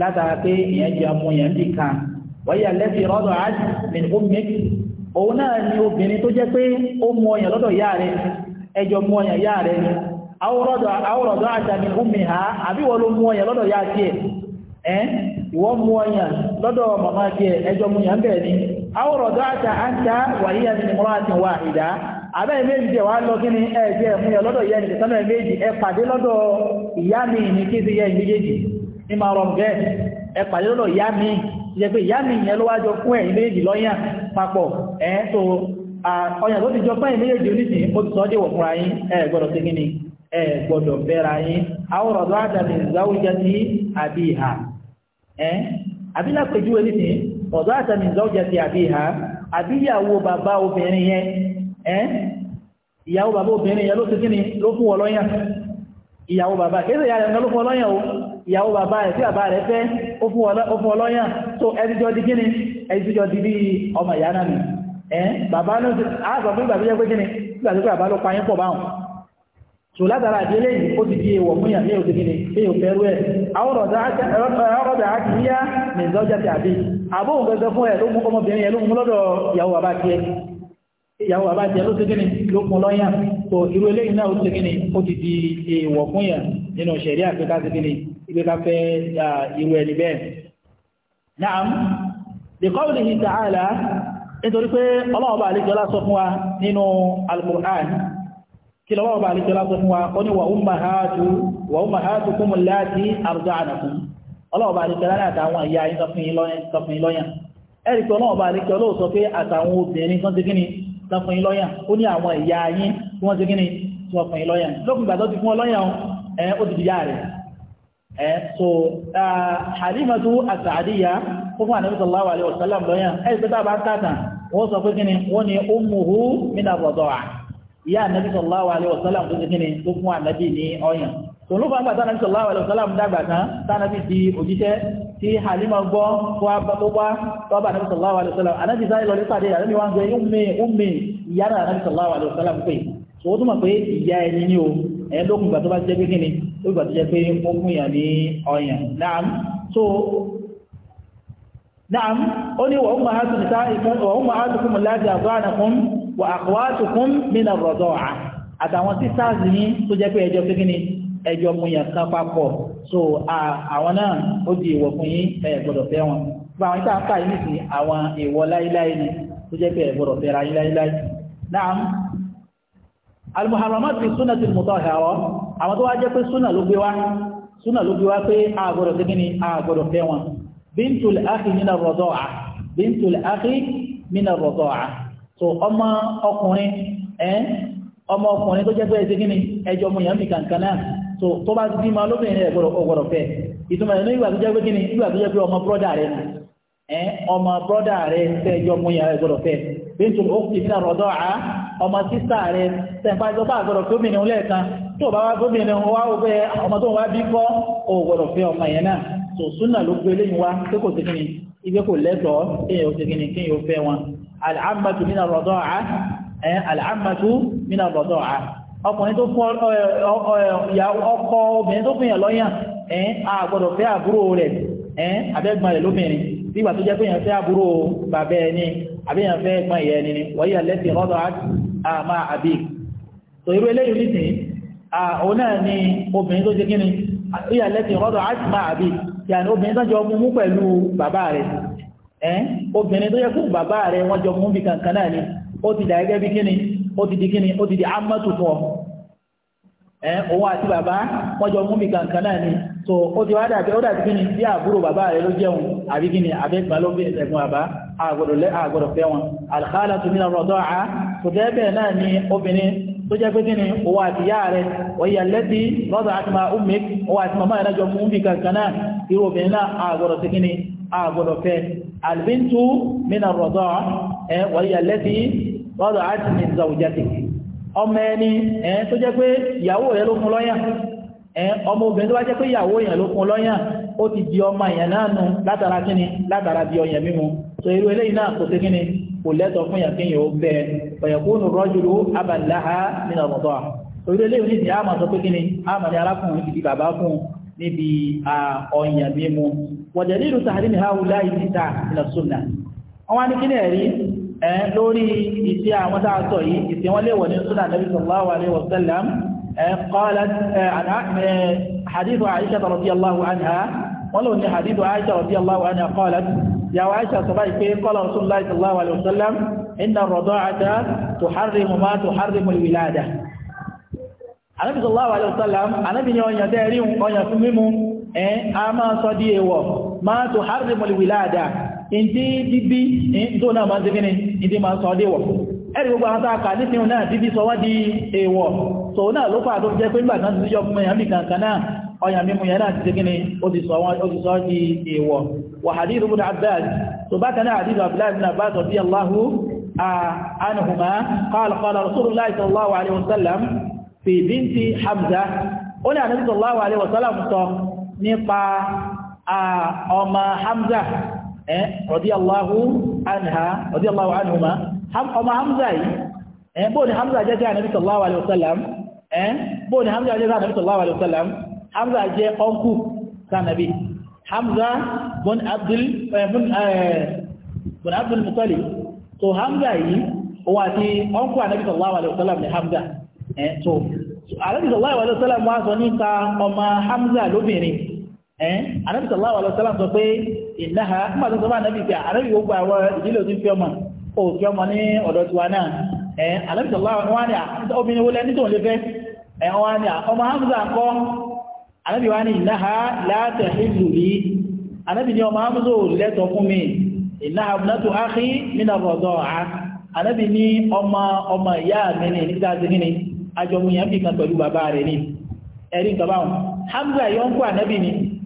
látara pé èèyàn jẹ ọmọ yẹn bì kan wáyà lẹ́sìn rọ́dọ̀ ájì ní omi òun náà ni obìnrin tó jẹ́ pé ó mú ọyàn lọ́dọ̀ ìyá rẹ̀ ẹjọ́ mú ọyàn rẹ̀ ni àwòrọ̀dọ̀ ájà àbí wọ́n ló mú ọyàn lọ́dọ̀ tiẹ̀ ẹ́ ìwọ́n mú ọyàn lọ́dọ̀ tiẹ̀ ẹjọ́ mú yàn ni àwòrọ̀dọ̀ ájà ájà wàyíyà mọ́ra ti wà ìdá àbẹ́ jẹ́ lọ ẹ̀ẹ́dẹ́ yàn lọ́dọ̀ pàdé lọ́dọ̀ ìyá mi ní kí ti yẹ ní máa rọrùn bẹ́ẹ̀ ẹ pàdé lọ́dọ̀ ìyá mi ìyẹ́ pé ìyá mi ìyẹn ló wá jọ fún ẹ̀yìn méjèèjì lọ́yàn papọ̀ ẹ̀ tó ọyàn tó ti jọ fún ẹ̀yìn méjèèjì oníṣìí ó ti sọ ọ́ dèwọ̀ fúnra yín ẹ gbọ́dọ̀ ṣe kí ni ẹ gbọ́dọ̀ fẹ́ra yín àwọn ọ̀dọ́ àdàmì ìzáwójá sí àbí ìhà ẹ́ àbí lápẹjú ẹni yẹn ẹ́ ìyàwó bàbá kéèsè ìyá rẹ̀ ń lọ fún ọlọ́yàn o ìyàwó bàbá rẹ̀ tí bàbá rẹ̀ fẹ́ ó fún ọlọ́yàn tó ẹjíjọ́ di kíni ẹjíjọ́ di bí ọmọ ìyá náà nì ẹ́ bàbá náà àgbà fún ìgbàgbé pé kíni nígbà tó pé bàbá ló di èèwọ̀ fún ìyàmí òsì kíni pé ò fẹ́rú ẹ̀ àwọn ọ̀rọ̀dà àti yíyá nìzọ́jà ti àbí àbóhùn gẹ́gẹ́ fún ẹ̀ ló mú ọmọbìnrin ẹ̀ ló mú lọ́dọ̀ ìyàwó ìyàwó bàbá jẹ ló ṣégíní ló kún lọ́yà tó irú eléyìí náà ó ṣégíní ó ti di èèwọ̀ fún yà nínú ṣẹ̀rí àfíká ṣégíní ibi irú ẹni bẹ́ẹ̀. Naam, bi qawlihi ta'ala nítorí pé ọlọ́ọ̀bà àlejọ́lá sọ fún wa nínú al-Qur'an kí lọ́wọ́ọ̀bà àlejọ́lá sọ fún wa ó ní wa ummahatukum allati arda'nakum ọlọ́ọ̀bà àlejọ́lá náà àtàwọn ìyá yín sọ fún yín lọ́yàn ẹ̀rì pé ọlọ́ọ̀bà àlejọ́lá sọ pé àtàwọn obìnrin kan ti kíni lọ́kùn yín lọ́yà ó ní àwọn ìyá yín tí wọ́n ti kí ni tí wọ́n kùn yín lọ́yà lókùn ìgbà tó ti fún ọ lọ́yà ẹ ó ti dìyà rẹ̀ ẹ so Halimatu As-Sa'diyya ó fún alaihi wasallam lọ́yà ẹ ìpẹ́tà bá ń tàtà wọ́n sọ pé kí ni wọ́n ni alaihi wasallam tó ti kí ni fún Ànábì ní tòun ló fà tánàbí sallallahu alaihi wasallam dàgbà tán tánàbí di òjíṣẹ́ tí Halima gbọ́ wá tọ́bà nàbí sallallahu alaihi wasallam anábì sáré lọ nípàdé ànábì wá ń gbé ummi ummi ìyá náà nàbí sallallahu alaihi wasallam pé tó tó mọ̀ pé ìyá ẹni ní o ẹ̀ lókun gbà tó bá jẹ́ pé kíni ó gbà tó jẹ́ pé ó fún yàn ní ọyàn naam so naam ó ní wa ummahatukum nisa'ikum wa ummahatukum allati arda'nakum wa akhwatukum min ar-rida'a àtàwọn tí sáàzì yín tó jẹ́ pé ẹjọ́ pé ẹjọ́ fún yàn kan papọ̀ so àwọn náà ó di èèwọ̀ fún yín ẹ gbọ́dọ̀ fẹ́ wọn gba àwọn ìta àǹkà yìí sí àwọn èèwọ̀ láíláí ni tó jẹ́ pé ẹ gbọ́dọ̀ fẹ́ ra yín láíláí náà almuharramat fi sunnati mutahhara àwọn tó wá jẹ́ pé súnà ló gbé wá súnà ló gbé wá pé a gbọ́dọ̀ fẹ́ kíni a gbọ́dọ̀ fẹ́ wọn bintul akhi min ar-rida'a bintul akhi min ar-rida'a so ọmọ ọkùnrin ẹ ọmọ ọkùnrin tó jẹ́ pé ẹ ti kíni ẹjọ́ mu yàn mí kankan náà so tó bá bí ma lóbìnrin rẹ̀ gbọ́dọ̀ fẹ́ ìtumọ̀ ẹ̀ ní ìgbà tó jẹ́ pé kíni ìgbà tó jẹ́ pé ọmọ brọ́dà rẹ̀ ẹ̀ ọmọ brọ́dà rẹ̀ tẹ́jọ́ mú yàrá gbọ́dọ̀ fẹ́ bíntu òkùtì ní àrọ̀dọ́ à ọmọ sísá rẹ̀ tẹ̀m̀pá ìjọba àgbọ̀dọ̀ tó mìíràn lẹ́ẹ̀kan tó bá wá gómìnà wá ó bẹ́ ọmọ tó wá bí kọ́ ó gbọ́dọ̀ fẹ́ ọmọ yẹn náà tó súnà ló gbé lẹ́yìn wá pé kò sí kíni ibi kò lẹ́tọ̀ọ́ kéèyàn ó ọkùnrin tó fún ọkọ obìnrin tó fìyàn lọ́yàn ẹ̀yìn àgbọ̀dọ̀ fẹ́ àbúrò rẹ̀ ẹ̀yìn abẹ́gbọ̀n rẹ̀ lóbìnrin nígbà tó jẹ́ pé èèyàn fẹ́ àbúrò bàbá ẹni àbíyàn fẹ́ ẹ̀gbọ́n ìyá ẹni ni wọ́n yà lẹ́sìn ọ̀dọ̀ àmà àbí tó irú eléyìí nìsín òun náà ni obìnrin tó ṣe kí ni yà lẹ́sìn ó ti di kíni ó ti di amọ́tò fún ọ ẹ òun àti bàbá wọ́n jọ mú mi kankan náà ni so ó ti wá dàbí ó dàbí kíni bí àbúrò bàbá rẹ ló jẹun àbí kíni àbẹ́gbọ́n ló bí ẹ̀gbọ́n bàbá àgbọ̀dọ̀ lẹ́ àgbọ̀dọ̀ fẹ́ wọn àlùkálà tó nílò ọ̀dọ́ à kò tẹ́ bẹ́ẹ̀ náà ni obìnrin tó jẹ́ pé kíni òun àti ìyá rẹ ọ̀yà lẹ́tí lọ́dọ̀ àti máa ń mèk òun àti màmá ìrẹ́jọ mú mi kankan náà irú obìnrin náà àgbọ̀dọ̀ sí kíni àgbọ̀dọ̀ fẹ́ albintu mina rọ̀dọ̀ ẹ̀ wọ̀yà lẹ́tí lọ́dọ̀ àti ní ìzàwùjáde ọmọ ẹni ẹ̀ tó jẹ́ pé ìyàwó rẹ̀ ló fún lọ́yàn ẹ̀ ọmọ obìnrin tó bá jẹ́ pé ìyàwó èèyàn ló fún lọ́yàn ó ti di ọmọ èèyàn náà nù látara kíni látara di ọyàn mímu so irú eléyìí náà kò sí kíni kò lẹ́tọ̀ fún yàn kíyàn ó bẹ ọ̀yẹ̀kúnnù rọ́jùlú abàláhà nínú ọ̀mọ̀tọ́ orí eléyìí ní ìdí àmà sọ pé kíni àmà ní arákùnrin ti di bàbá fún níbi ọyàn mímu wọ̀dẹ̀lú ẹ̀ lórí ìṣe àwọn tá a sọ yìí ìṣe wọn léwọ̀ ní súnà nàbí sallallahu alayhi wa sallam ẹ̀ qalat hadithu aisha radiyallahu anha wọ́n lò ní hadithu aisha radiyallahu anha qalat yàwó aisha sọba ìpé qala rasulullahi sallallahu alayhi wa sallam inna ar-rada'ata tuharrimu ma tuharrimu al-wilada anabi sallallahu alayhi wa sallam anabi ni ọyàn tẹ́ẹ̀rí ọyàn fún mímu ẹ̀ a máa sọ di èèwọ̀ ma tuharrimu al-wilada ìdí bíbí tó eh, náà máa ń ṣe kíni ìdí máa sọ déwọ̀ ẹ̀rì gbogbo àwọn tààkà ní tíun náà bíbí sọ wá di èèwọ̀ tó náà ló pàdó jẹ́ pé nígbà náà ti yọ fún ẹ̀yàmì kankan náà ọyàn mímú yẹn náà ti ṣe kíni ó ti sọ di èèwọ̀ wà hadith ibn abbas tó bá kan náà hadith abdullahi ibn abbas radiyallahu anhuma qala qala rasulullahi sallallahu ọmọ hamza Eh, radiyallahu anha radiyallahu anhuma ọmọ hamza yìí eh, bóò ni hamza jẹ́ sí ànábì sallallahu alaihi wasallam eh, bóò ni hamza jẹ́ sí ànábì sallallahu alaihi wasallam hamza jẹ́ ọkù sànàbí hamza bin abdul bin abdul muttalib so hamza yìí òun àti ọkù ànábì sallallahu alaihi wasallam ni hamza so ànábì sallallahu alaihi wasallam wá sọ nípa hamza lóbìnrin anabi sallallahu alaihi wasallam sọ pé ìnáha nígbà tó sọ fún anabi pé anabi gbogbo àwọn ìdílé òtún fi ọmọ kò fi ọmọ ní ọ̀dọ̀ tiwa náà anabi sallallahu alaihi wasallam ah, obìnrin wọlé nítorí òun lè fẹ́ ẹ̀wọ̀n ah, ọmọ hamza kọ́ anabi wa ni ìnáha láti ìlú rí anabi ni ọmọ hamza ò lẹ́tọ̀ fún mi ìnáha bunatu akhi nínú ọ̀dọ̀ ọ̀há anabi ni ọmọ ọmọ ìyá mi ni nígbà tí ní ajọmúyàn fi kan pẹ̀lú bàbá rẹ̀ ni ẹ̀rí nǹkan báwọn hamza yọ ń kó anabi ni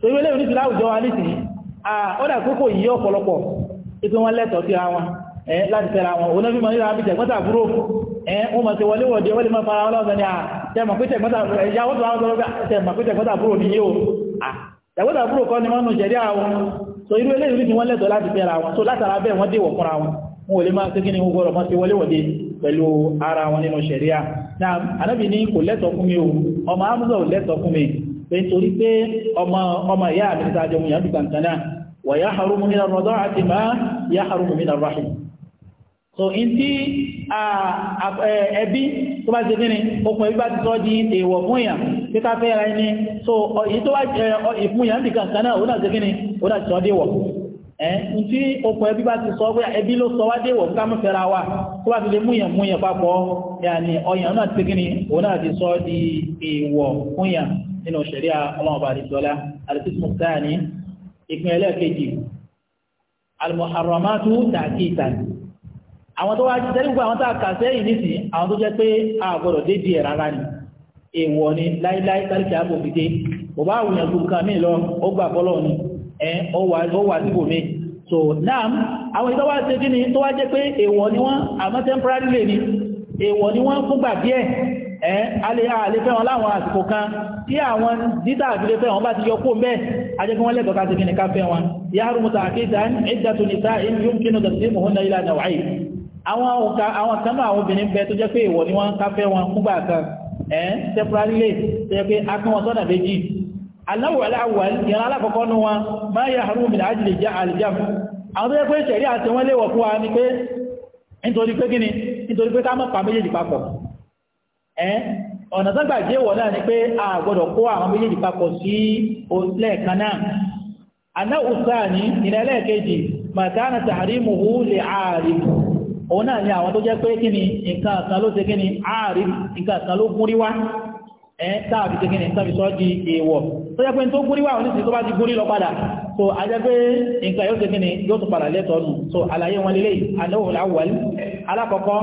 torí olè oníṣìí láwùjọ wa nísìnyí ó dà kókò yí ọ̀pọ̀lọpọ̀ ipé wọ́n lẹ́tọ̀ọ́ sí ara wọn láti fẹ́ra wọn òun náà fi mọ̀ nílò àbí tẹ̀gbọ́ta àbúrò wọ́n mọ̀ sí wọlé wọ̀dí wọ́n lè máa fara wọn lọ́sàn ni à tẹ̀mọ̀ pé tẹ̀gbọ́ta àbúrò ni yóò tẹ̀gbọ́ta àbúrò kọ́ ni wọ́n nù jẹ̀rí àwọn so irú eléyìí oníṣìí wọ́n lẹ́tọ̀ọ́ láti fẹ́ra wọn so látara bẹ́ẹ̀ wọ́n déwọ̀ fúnra wọn wọn ò lè máa tẹ́kí ní gbogbo ọ̀rọ̀ máa ti wọléwọ̀dé pẹ̀lú ara wọn nínú ṣẹ̀ríà. na anábì ní kò lẹ́tọ̀ọ́ fún mi o ọmọ amúzọ̀ lẹ́tọ̀ọ́ fún mi nítorí pé ọmọ ọmọ ìyá àmì ìtajọ mú yàndù kàntàná wà yá harumu nínú rọ̀dọ́ àti má yá harumu nínú rahim so in tí ẹbí tó bá ti nínú okùn ẹbí bá ti tọ́ di èèwọ̀ fún èèyàn tí ká ẹni so èyí tó wá ìfún yàndù kàntàná ó náà ti kíni ó náà ti tọ́ déwọ̀ ẹ̀ẹ́n tí okùn ẹbí wa tó bá ti lè múyàn múyàn papọ̀ yàní ọyàn náà ti nínú ṣẹ̀ríà ọlọ́ọ̀bà àdìsọ́lá alìsísmù sáàní ìpín ẹlẹ́ẹ̀kejì alìmọ̀hàrọ̀mátú tàkìtà àwọn tó wá jẹ́ nígbà àwọn tá a kà sẹ́yìn nísìn àwọn tó jẹ́ pé a gbọ́dọ̀ dédì ẹ̀ rárá ni èèwọ̀ ni láíláí tálíkì àbòfìdé kò bá àwùyàn tó nǹkan míì lọ ó gbà bọ́lọ̀ ni ẹ ó wà síbò mi so náà àwọn ìtọ́ wá ṣe kí ni tó wá jẹ́ pé èèwọ̀ ni wọ́n àmọ́ temporary lè ni èèwọ̀ ni wọ́n fúngbà díẹ̀ àlefẹ́ wọn láwọn àsìkò kan tí àwọn dídá àfilefẹ́ wọn bá ti yọ kó mẹ́ ajẹ́kún wọ́n lẹ́tọ̀ọ́ káti fi nìkan fẹ́ wọn ya rú mọ́ta àkíta ìdàtò nìta inú yóò kínú tàbí mọ̀húnnà ilá nàwáyé àwọn kanú àwọn obìnrin bẹ tó jẹ́ pé ìwọ̀ ni wọ́n káfẹ́ wọn fúgbà kan ẹ́ temporarily tẹ́ pé a kán wọn sọ́nà méjì aláwọ̀ aláwọ̀ ìran alákọ̀ọ́kọ́ nú wọn ni nítorí pé ká mọ́ pa méjèèjì ẹ́ ọ̀nà sọ́gbà jẹ́ wọ̀ náà ni pé a gbọ́dọ̀ kó àwọn méjèèjì papọ̀ sí lẹ́ẹ̀kan náà aná ùsáàní ìrẹ́ lẹ́ẹ̀kejì màtánà tàrímùhù lè ààrìm òun náà ni àwọn tó jẹ́ pé kí ni nǹkan kan ló ṣe kí ni ààrìm nǹkan kan ló gúnrí wá ẹ́ tààbí ṣe kí ni tàbí sọ́ di èèwọ̀ tó jẹ́ pé tó gúnrí wá òun ní tó bá ti gúnrí lọ padà so a jẹ́ pé nǹkan yóò ṣe kí ni yóò tún padà lẹ́tọ̀ọ́nù so àlàyé wọn lélẹ́yìí anáwòláwọ̀l alákọ̀ọ́kọ́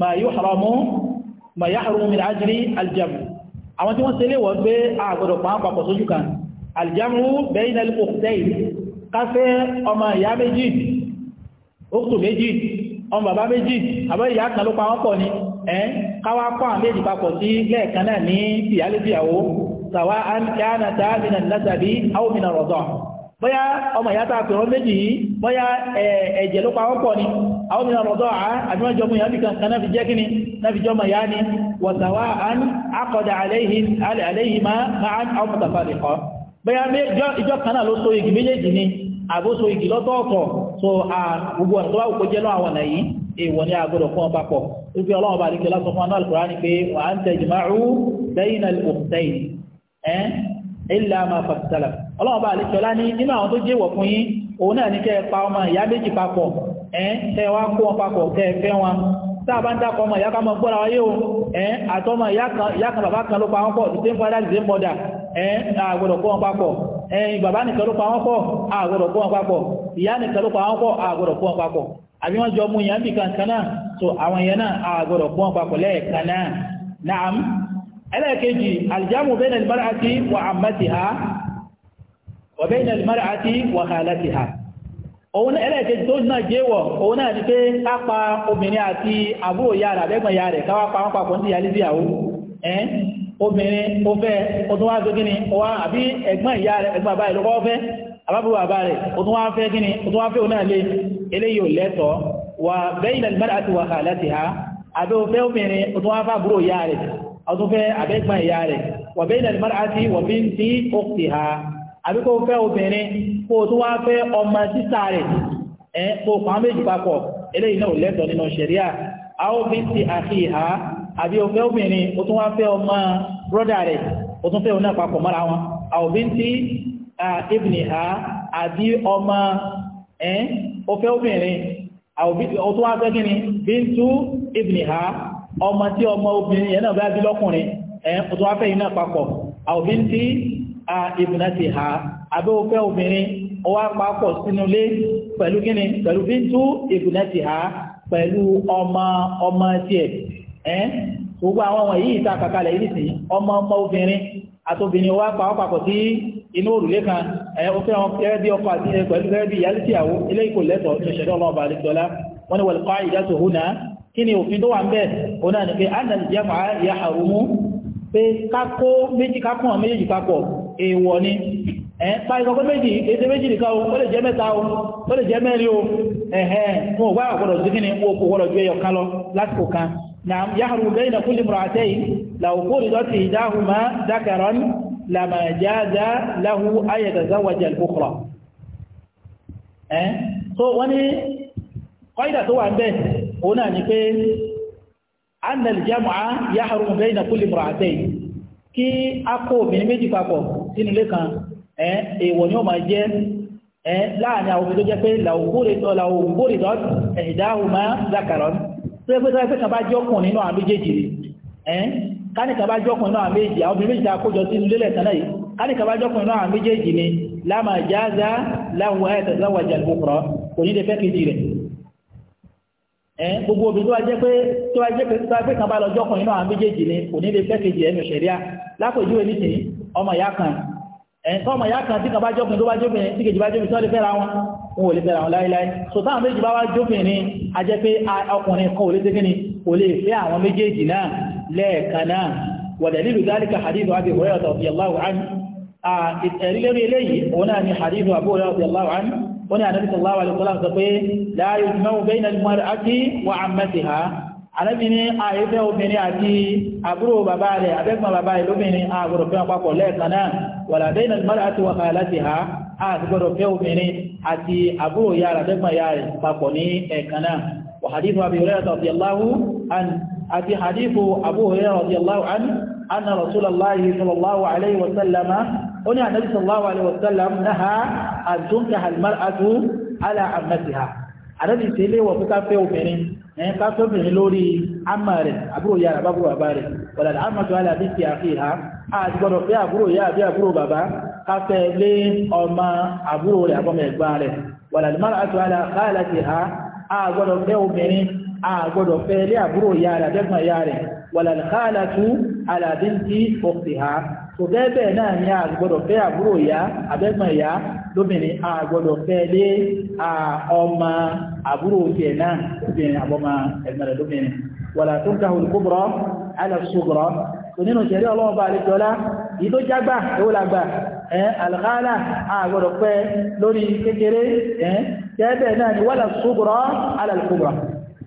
ma yóò haramu ma yahrumu min ajri aljamu àwọn tí wọ́n ṣe léwọ̀ pé a gbọ́dọ̀ pa papọ̀ sójú kan aljamu bayna al-ukhtayn káfẹ́ ọmọ ìyá méjì òkùtù méjì ọmọ bàbá méjì àbẹ́ ìyá kan ló pa wọ́n pọ̀ ni ẹ́n káwàá pọ̀ méjì papọ̀ sí lẹ́ẹ̀kan ní ìyálébíyàwó sàwá bóyá ọmọ ìyá tá a pè wọ́n méjì yìí bóyá ẹ̀jẹ̀ ló pawọ́ pọ̀ ni àwọn mìíràn rọ̀dọ́ àá àbíwọ́n jọ mú ìyá nìkan kan náà fi jẹ́ kí ni náà fi jọ mọ̀ ìyá ni wọ̀sàwá àn àkọ̀dà àlẹ́yìn máa ń ọmọtàfà lè kọ́ bóyá ìjọ kan náà ló so igi méjèèjì ni àbóso igi lọ́tọ̀ọ̀tọ̀ so a gbogbo ọ̀nà tó bá wùkọ́ jẹ́ náà àwọn yìí èèwọ̀ ní agbọ́dọ̀ fún ọba pọ̀ wípé ọlọ́run bá dìkẹ́ lásán fún Al-Qur'ani pé wa an tajma'u bayna al-ukhtayn illa ma qad salaf ọlọ́ọ̀bá àlẹ́kọ̀ọ́lá ní nínú àwọn tó jẹ́wọ̀ fún yín òun náà ní kẹ́ pa ọmọ ìyá méjì papọ̀ ẹ́ tẹ́ wá kó wọn papọ̀ tẹ́ fẹ́ wọn tá a bá ń dákọ̀ ọmọ ìyá ká mọ̀ gbọ́ra wáyé o ẹ́ àtọ́mọ ìyá kan bàbá kan ló pa wọ́n pọ̀ the same àgbọ̀dọ̀ kó wọn papọ̀ bàbá nìkan ló pa wọ́n pọ̀ àgbọ̀dọ̀ kó wọn ìyá nìkan ló pa wọ́n pọ̀ àgbọ̀dọ̀ kó wọn àbí wọ́n jọ mú ìyá bì kankan náà so àwọn ìyẹn náà àgbọ̀dọ̀ kó wọn papọ̀ lẹ́ẹ̀kan náà naam ẹlẹ́ẹ̀kejì ọ̀bẹ́ ìnà ìmọ̀rẹ̀ àti wàhálà ti ha òun ẹlẹ́ẹ̀kejì tó náà jẹ́wọ̀ òun náà ni pé kápa obìnrin àti àbúrò ya rẹ̀ àbẹ́gbọ̀n ya rẹ̀ káwà pa wọn papọ̀ ní ìyálísí ìyàwó ẹ́n obìnrin ó fẹ́ ó tún wá àbí ẹ̀gbọ́n ìyá rẹ̀ ẹ̀gbọ́n àbá ìlọ́kọ́ àbí kó fẹ́ obìnrin kó tó wá fẹ́ ọmọ títà rẹ̀ ẹ̀ kó pàá méjì papọ̀ eléyìí náà lẹ́tọ̀ nínú ṣẹ̀ríà a ó fi ti àfi ìhá àbí ó fẹ́ obìnrin ó tún wá fẹ́ ọmọ brọ́dà rẹ̀ ó tún fẹ́ òun náà papọ̀ mọ́ra wọn a ò bí ti ibùn ìhá àbí ọmọ ẹ̀ ó fẹ́ obìnrin ó tún wá fẹ́ kí ni bí tú ibùn ìhá ọmọ tí ọmọ obìnrin yẹn náà bá bí lọ́kùnrin ẹ̀ ó tún wá fẹ́ yìí náà papọ̀ a bí ti ìbùnàtì ha abẹ́ òfẹ́ obìnrin ọwá pápọ̀ sínúlé pẹ̀lú gíní pẹ̀lú bíntú ìbùnàtì ha pẹ̀lú ọmọ ọmọ tiẹ̀ ẹ́ gbogbo àwọn ọmọ yìí ta kàkàlẹ̀ yìí sí ọmọ ọmọ obìnrin àtobìnrin wá pa ọ́ papọ̀ sí inú òrùlé kan ẹ̀ ó fẹ́ wọn gẹ́gẹ́ bí ọkọ àti pẹ̀lú gẹ́gẹ́ bí ìyálí tíyàwó ilé ni wọ̀lùkọ́ ìdásò hùnà kí ni òfin tó wà ń bẹ̀ òun náà èèwọ̀ ni ẹ̀ẹ́pá ìkọ̀kọ́ méjì ètè méjì nìkan ó lè jẹ́ mẹ́ta o ó lè jẹ́ mẹ́rin o ẹ̀hẹ́n wọn ò wá àgbọ̀dọ̀ sí kíni wọn kò gbọ́dọ̀ ju ẹyọ kan lọ lásìkò kan na yáhùrù bẹ́yìn kúlì mùràtẹ́ so wọ́n ní kọ́ìdà tó wà bẹ́ẹ̀ òun náà ni pé annal jama'a yáhùrù bẹ́yìn kúlì mùràtẹ́ yìí kí a kó obìnrin méjì papọ̀ sínú ilé kan ẹ èèwọ̀ ni ó máa jẹ́ ẹ láàrin àwọn obìnrin tó jẹ́ pé làwògbòrè dọ́t ẹ̀dáhùn máa lákàrọ̀ tó yẹ pé tó yẹ pé kan bá jọ́kùn nínú àwọn méjèèjì ẹ kánìkan bá jọ́kùn nínú àwọn méjèèjì àwọn obìnrin méjèèjì àkójọ sínú ilé lẹ́ẹ̀kan náà yìí kánìkan bá jọ́kùn nínú àwọn méjèèjì ni láàmà jáza láwọn ẹ̀tẹ̀sáwàjà ìgbòkùrọ̀ kò ní lè fẹ́ kejì rẹ̀ ẹ gbogbo obìnrin tó wá jẹ́ pé tó wá jẹ́ pé tó wá pé kan bá lọ jọkùnrin náà àwọn méjèèjì ni kò ní lè fẹ́ kejì ẹnu ṣẹ̀ríà lápòjúwe nísìnyí ọmọ ìyá kan ẹ̀yìn tó ọmọ ìyá kan tí kan bá jọ́pin tó bá jọ́pin tí kejì bá jọ́pin tó lè fẹ́ra wọn wọn ò lè fẹ́ra wọn láíláí so táwọn méjì bá wá jọ́pin ní a jẹ́ pé ọkùnrin kan ò lè tẹ́kẹ́ ni kò lè fẹ́ àwọn méjèèjì náà lẹ́ẹ̀kan náà ودليل ذلك حديث أبي هريرة رضي الله ànábì ní àìfẹ́ obìnrin àti àbúrò bàbá rẹ̀ abẹ́gbọ̀n bàbá rẹ̀ lóbìnrin àgbọ̀dọ̀ fẹ́ papọ̀ lẹ́ẹ̀kan náà wala bayna al-mar'ati wa khalatiha àgbọ̀dọ̀ fẹ́ obìnrin àti àbúrò ya rẹ̀ abẹ́gbọ̀n ya rẹ̀ papọ̀ ní ẹ̀ẹ̀kan náà wa hadithu Abi Hurairah radiyallahu an àti hadithu Abu Hurairah radiyallahu an anna rasulallahi sallallahu alaihi wa sallam ó ní ànábì sallallahu alaihi wa sallam naha àdẹ́bì sí ilé wọ̀n ká fẹ́ obìnrin ẹ̀yìn ká fẹ́ obìnrin lórí àmà rẹ̀ àbúrò ya àbábúrò bàbá rẹ̀ ọ̀dàdà àmàtò alábí ti àfihà àti gbọ́dọ̀ fẹ́ àbúrò ya àbí àbúrò bàbá ká fẹ́ lé ọmọ àbúrò rẹ̀ àbọ́mọ ẹ̀gbọ́n rẹ̀ ọ̀dàdà márùn-ún aláàlàtì ha àgbọ́dọ̀ fẹ́ obìnrin kò bẹ́ẹ̀ bẹ́ẹ̀ náà ni a gbọ́dọ̀ fẹ́ àbúrò ìyá abẹ́gbọ̀n ìyá lóbìnrin a gbọ́dọ̀ fẹ́ lé ọmọ àbúrò tiẹ̀ náà lóbìnrin àbọ́mọ ẹ̀gbọ́n rẹ̀ lóbìnrin wàlà tó ń ka olùkóbọ̀rọ̀ alàṣùgbọ̀rọ̀ onínú ìṣẹ̀lẹ̀ tó jágbà ewó làgbà ẹ̀ alìkálà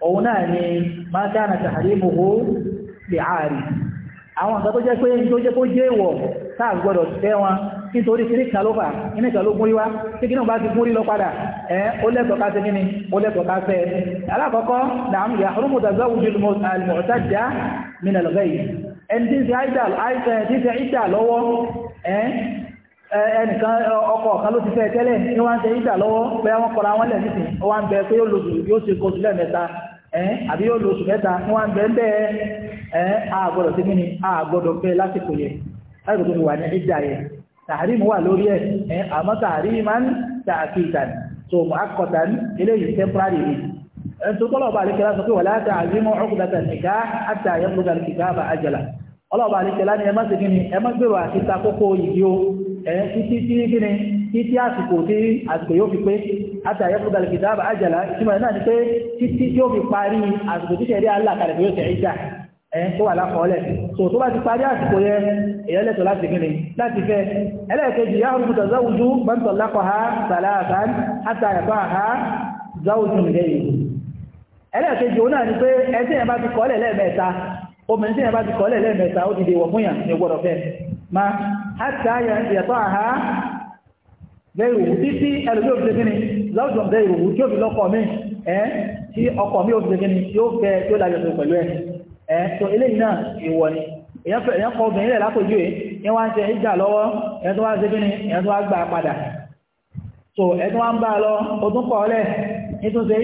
òun náà ni máa dára tàhàrí mòhó lè ààrí pe ǹkan tó jẹ́ pé tó jẹ́ kó jẹ́ ìwọ̀ táà gbọ́dọ̀ tẹ́ wọn nítorí kiri lọ padà ẹ ó lẹ́tọ̀ọ́ ká ṣe kíní ó lẹ́tọ̀ọ́ ká fẹ́ alákọ̀ọ́kọ́ làwọn ìyá ọdún ọkọ kan ló ti fẹ́ tẹ́lẹ̀ ní wọ́n ń tẹ ẹ́ àbí yóò lo oṣù mẹ́ta ní wọ́n bẹ́ẹ̀ bẹ́ẹ̀ ẹ́ àgbọ̀dọ̀ sí kíni àgbọ̀dọ̀ bẹ́ẹ̀ lásìkò yẹ lásìkò tó wà ní ìjà yẹ tààrímù wà lórí ẹ̀ ẹ́ àmọ́ tààrímù máa tààkì ìtàn tó mọ̀ akọ̀tàn eléyìí temporary ni ẹ̀ntọ́tọ́lọ̀ bá alékẹ́lá sọ pé wà láti àzímọ̀ àti títí àsìkò tí àsìkò yóò fi pé àti àyẹ́kùdà ìdáàbà àjàlá ìtumọ̀ náà ni pé títí tí ó fi parí àsìkò tí ṣẹ̀rí aláàkàrẹ̀ tó yóò tẹ̀ ìjà ẹ̀ tó wà lákọọ́lẹ̀ so tó bá ti parí àsìkò yẹ èyàn lẹ́tọ̀ láti gíní láti fẹ́ ẹlẹ́ẹ̀kejì yá orúkú tó záwùjú bọ́ntọ̀ lákọ̀ ha sàlàtàn àti àyàtọ̀ ha záwùjú nìgẹ́ yìí ẹlẹ́ẹ̀kejì òun náà ni pé ẹtí yẹn bá ti gẹ́rùwú títí ẹlùmí òfin gíní lọ́dún gẹ́rùwú tí ó fi lọ́kọ̀ mi ẹ́ tí ọkọ̀ mi òfin gíní tí ó fẹ́ tí ó lájọsọ pẹ̀lú ẹ̀ ẹ́ tó eléyìí náà ìwọ̀ ni èyàn kọ obìnrin rẹ̀ lápòjú ẹ̀ yẹn wá ń ṣe ìjà lọ́wọ́ ẹ̀ tó wá ṣe gíní ẹ̀ tó wá gbà padà tó ẹ̀ tó wá ń bá lọ ọdún kọ̀ ọ́lẹ̀ nítorí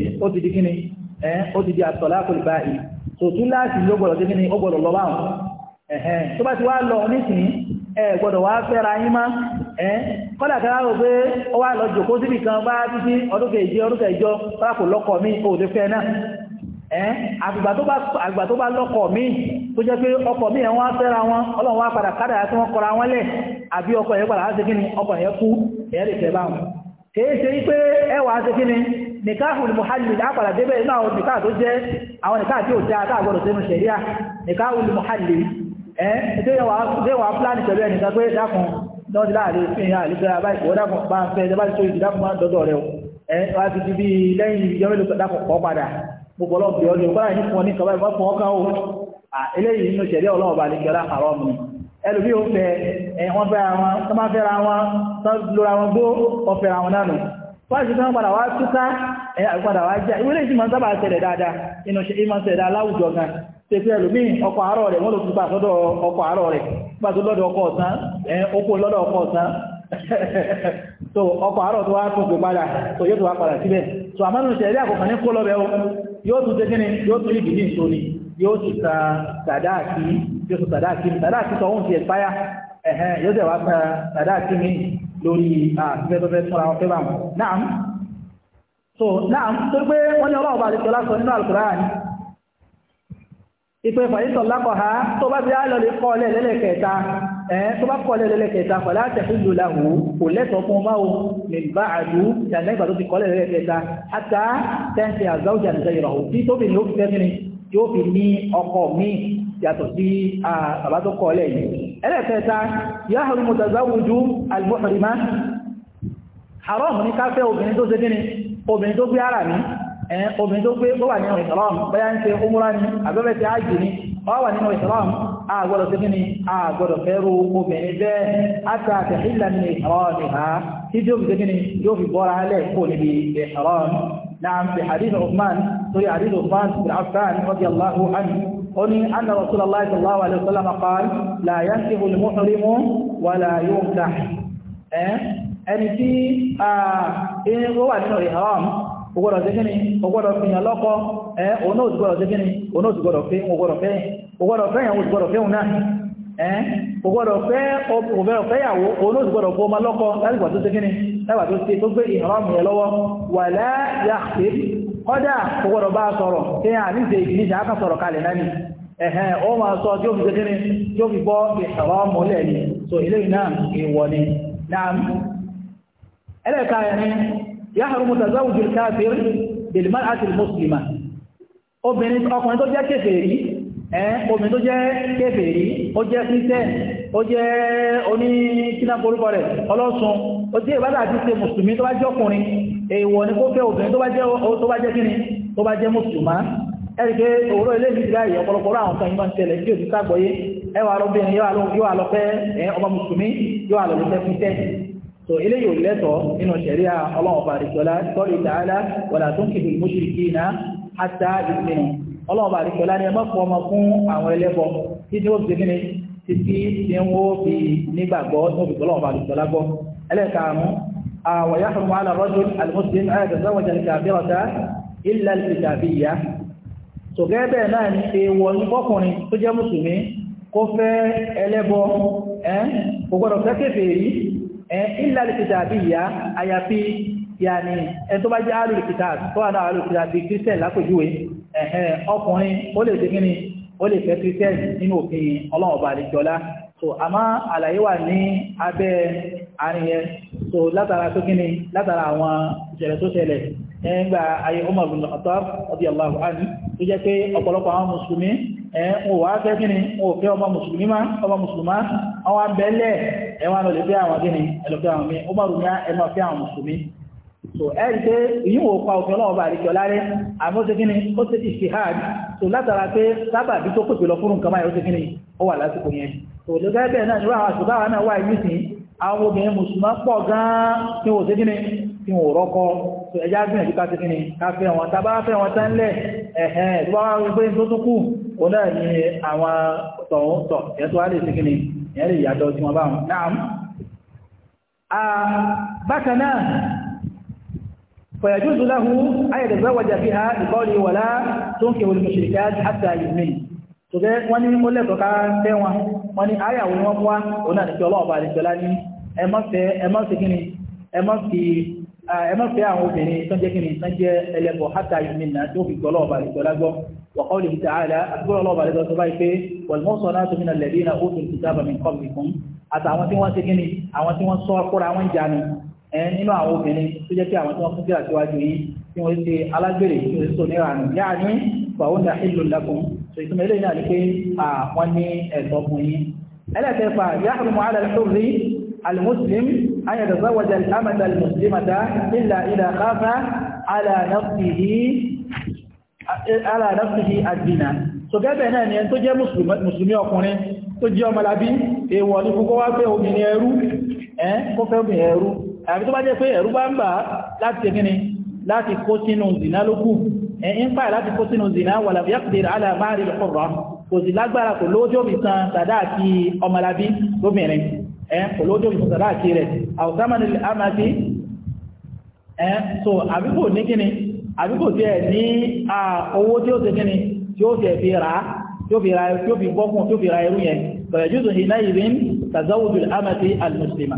ìjà lọ́wọ́ ẹ̀ ó ti di àtọ̀lá kò lè bá yìí tòtún láti ló gbọ́dọ̀ tó lọ báwọn ẹ̀hẹ́n tó bá ti wá lọ nísìnyí ẹ gbọ́dọ̀ wá fẹ́ra yín má ẹ̀ kọ́dà rò pé ó wá lọ jòkó síbì kan bá títí ọdún kejì ọdún lọ́kọ̀ fẹ́ náà àgbà tó bá lọ́kọ̀ tó jẹ́ pé ẹ̀wọ́n fẹ́ra wọn ọlọ́run wá nìkáhùn muhallil àpàdà débẹ̀ inú àwọn nìkáà tó jẹ́ àwọn nìkáà tí ó jẹ́ àtàgbọ̀dọ̀ sínú ṣẹ̀ríà nìkáhùn muhallil ẹ́ déwà pláàni pẹ̀lú ẹnìkan pé dákun lọ́dí láàrin fún ìyá àbáyé wọ́n dákun tó ìdí dákun máa ń dọ́dọ̀ rẹ̀ wáṣí tó ń padà wá túká padà wá já ìwé lèṣì máa sábà ṣẹlẹ̀ dáadáa inú ṣe ìmọ̀ ṣẹlẹ̀ aláwùjọ gan ṣe fi ẹlòmíì ọkọ̀ àárọ̀ rẹ̀ wọ́n ló ọkọ sọ́dọ̀ ọkọ̀ àárọ̀ rẹ̀ gbà lọ́dọ̀ ọkọ̀ ọ̀sán lọ́dọ̀ ọkọ̀ ọ̀sán (laughs) so ọkọ̀ àárọ̀ tó wá tún padà tó yóò tó wá padà síbẹ̀ so àmọ́nù ṣẹlẹ̀ àkọ́kọ́ ní yóò ta sàdáàkì yóò tún lórí àtẹ́tọ́fẹ́ fúnra wọn fẹ́ràn náà so náà tó pé wọ́n ní ọlọ́ọ̀bà àti ìṣọ́lá sọ nínú Al-Qur'an ìpè fàyíṣọ́ lápọ̀ ha tó bá bí á lọ lè kọ́ ọlẹ́ lẹ́lẹ́kẹta ẹ̀ tó bá kọ́ ọlẹ́ lẹ́lẹ́kẹta pẹ̀lú àtẹ̀kùnjù làwò kò lẹ́tọ̀ fún ọmọ o lè bá àdú ìjànà ìgbà tó ti kọ́ ọlẹ́ lẹ́lẹ́kẹta àtà tẹ́ǹtì àzáwùjà nìjẹ́ ìrọ̀hù tí tóbi ni ó fi fẹ́ yóò fi ní ọkọ̀ míì yàtọ̀ sí bàbá tó kọ́ ọlẹ́ yìí ẹlẹ́kẹta yáhùn mùtàzáwùjú alìmọ́rìmá haram ní káfẹ́ obìnrin tó ṣe gíní obìnrin tó gbé ara ní ẹ̀yẹn obìnrin tó gbé ó wà nínú ìsìláàmù bẹ́yà ń ṣe umura ní abẹ́bẹ̀ tí a jì ní ó wà nínú ìsìláàmù a gbọ́dọ̀ ṣe gíní a gbọ́dọ̀ fẹ́rù obìnrin bẹ́ẹ̀ àtàtẹ̀ ìlà ní ìsìláàmù ha tí tí ó fi قل أن رسول الله صلى الله عليه وسلم قال لا ينكح المحرم ولا يمتح ẹni tí ó wà nínú ìhàrán ogọ́dọ̀ sí kíni ogọ́dọ̀ fi yàn lọ́kọ́ ẹ òun náà òtùgbọ́dọ̀ sí kíni òun náà òtùgbọ́dọ̀ fẹ́ ogọ́dọ̀ fẹ́ ogọ́dọ̀ fẹ́ yàn òtùgbọ́dọ̀ fẹ́ òun náà ẹ ogọ́dọ̀ fẹ́ òfẹ́rọ̀ fẹ́yàwó òun náà kọ́dà kòkòrò bá sọ̀rọ̀ tí a ní ṣe ìgbìyànjẹ́ aka sọrọ kalẹ̀ náà ẹ̀hẹ́ ma sọ tí ó fi tí ó fi gbọ́ mọ́lẹ̀ ni so ilé náà ìwọ̀ náà ẹlẹ́ka ẹni yahrumu tazawuju káfíìr èèwọ̀ ní kó fẹ́ obìnrin tó bá jẹ́ kíni tó bá jẹ́ mùsùlùmá ẹ̀rìké òwúrọ̀ ilé ìdílé ayé ọ̀pọ̀lọpọ̀ àwọn kan ìmọ̀ tẹ̀lẹ̀ tí ò ti sàgbọ́yé ẹwà yóò ويحرم على الرجل المسلم أن يتزوج الكافرة إلا الكتابية sọ̀gẹ́ bẹ́ẹ̀ náà ni èèwọ̀ ní fọ́kùnrin tó jẹ́ mùsùlùmí kó fẹ́ ẹlẹ́bọ ẹ́n kò gbọ́dọ̀ fẹ́ kéfèé yìí ẹ́n إلا الكتابية àyàfi yàní ẹ bá jẹ́ alùkìtà tó wà náà alùkìtà bí kírísítẹ̀n lápèjúwe ẹ̀hẹ́n ọkùnrin ó lè ṣe kíni ó lè fẹ́ kírísítẹ̀n nínú òfin ọlọ́run ọba àlejọ́lá so àmọ́ àlàyé wà ní abẹ́ àárín yẹn so látara tó kíni látara àwọn ìṣẹ̀lẹ̀ tó ṣẹlẹ̀ ẹgbà ayé Umar bin Khattab radiyallahu anhu tó jẹ́ pé ọ̀pọ̀lọpọ̀ àwọn mùsùlùmí ẹ̀hùn wà fẹ́ kíni ó fẹ́ ọmọ mùsùlùmí má ọmọ mùsùlùmá àwọn abẹ́lẹ̀ ẹwà lọ lè fẹ́ àwọn kíni ẹlọ́fẹ́ àwọn mi so ẹ̀rí pé ìyíwò pa òfin ọlọ́wọ́ bá àríkẹ́ ọlárẹ́ àmọ́ ó ṣe kíni ó ṣe ti hajj so látara pé sábàbí tó pèpè lọ fún nǹkan báyìí ó ṣe kíni ó wà lásìkò yẹn so lọ́gẹ́ bẹ́ẹ̀ náà níwáwá àṣùbáwá náà àwọn obìnrin musulman pọ̀ gan-an tí wọ́n ṣe gíní tí wọ́n rọ́kọ́ tó ẹjá gbìyànjú ká ti gíní káfẹ́ wọn tàbá fẹ́ wọn tán ẹ̀hẹ́n tó bá wá rí tó tó kù ó náà ní àwọn tọ̀ọ̀tọ̀ ẹ̀tọ́ lè gíní tí wọ́n bá wọn náà tòbẹ́ wọ́n ní ó lẹ́tọ̀ọ́ ká fẹ́ wọn wọ́n ní àyàwó wọn wá òun náà ní kí ọlọ́ọ̀bà àdìsọ́lá ní ẹ má fẹ́ ẹ má fi kíni ẹ má fi ẹ má fẹ́ àwọn obìnrin tó ń jẹ́ kíni tó ń jẹ́ ẹlẹ́bọ̀ hátà yìí nà tó fi gbọ́lọ́ọ̀bà àdìsọ́lá gbọ́ wọ̀kọ́ lè ta àlá àtúgbọ́n ọlọ́ọ̀bà àdìsọ́lá tó báyìí pé wọ̀lmọ́sọ̀ náà tó mìíràn lẹ̀dí náà ó fi kìtàbà mi kọ́ mi fún nínú àwọn obìnrin tó jẹ́ pé àwọn tí wọ́n fún sí àtiwájú yìí tí wọ́n ṣe alágbèrè tí wọ́n ṣe sọ níranù yáà ní fàwọn àìlò lakum so ìtumọ̀ ilé náà ni pé àwọn ní ẹ̀tọ́ fún yín ẹlẹ́kẹ̀ẹ́fà yahrumu ala al-hurri al-muslim an yatazawaja al-amata al-muslimata so gẹ́gẹ́ náà ni ẹni tó jẹ́ mùsùlùmí ọkùnrin tó jẹ́ ọmọlábí èèwọ̀ ní kókó wá pé obìnrin ẹrú ẹ́ kó fẹ́ obìnrin ẹrú àbí tó bá jẹ́ pé ẹrú bá ń bà láti tẹ́gínni láti kó sínú ìdìnálókù ẹ̀yìn fàì láti kó sínú zina wà lábí yàkùdìrì aláàmáàrí ọ̀rọ̀ kò sí lágbára kò lóójó mi san sàdáàkì ọmọlábí lómìnrin ẹ̀yìn kò lóójó mi san sàdáàkì rẹ̀ àwùsámanì àmàbí ẹ̀yìn so àbíkò ní kíni àbíkò tí ẹ̀ ní owó tí ó ti kíni tí ó ti fi rà tí ó fi ra tí ó fi gbọ́kùn tí ó fi ra irú yẹn tọ̀rẹ̀ jùsù iná ìrìn tàzáwùdù àmàbí alùmùsùlùmà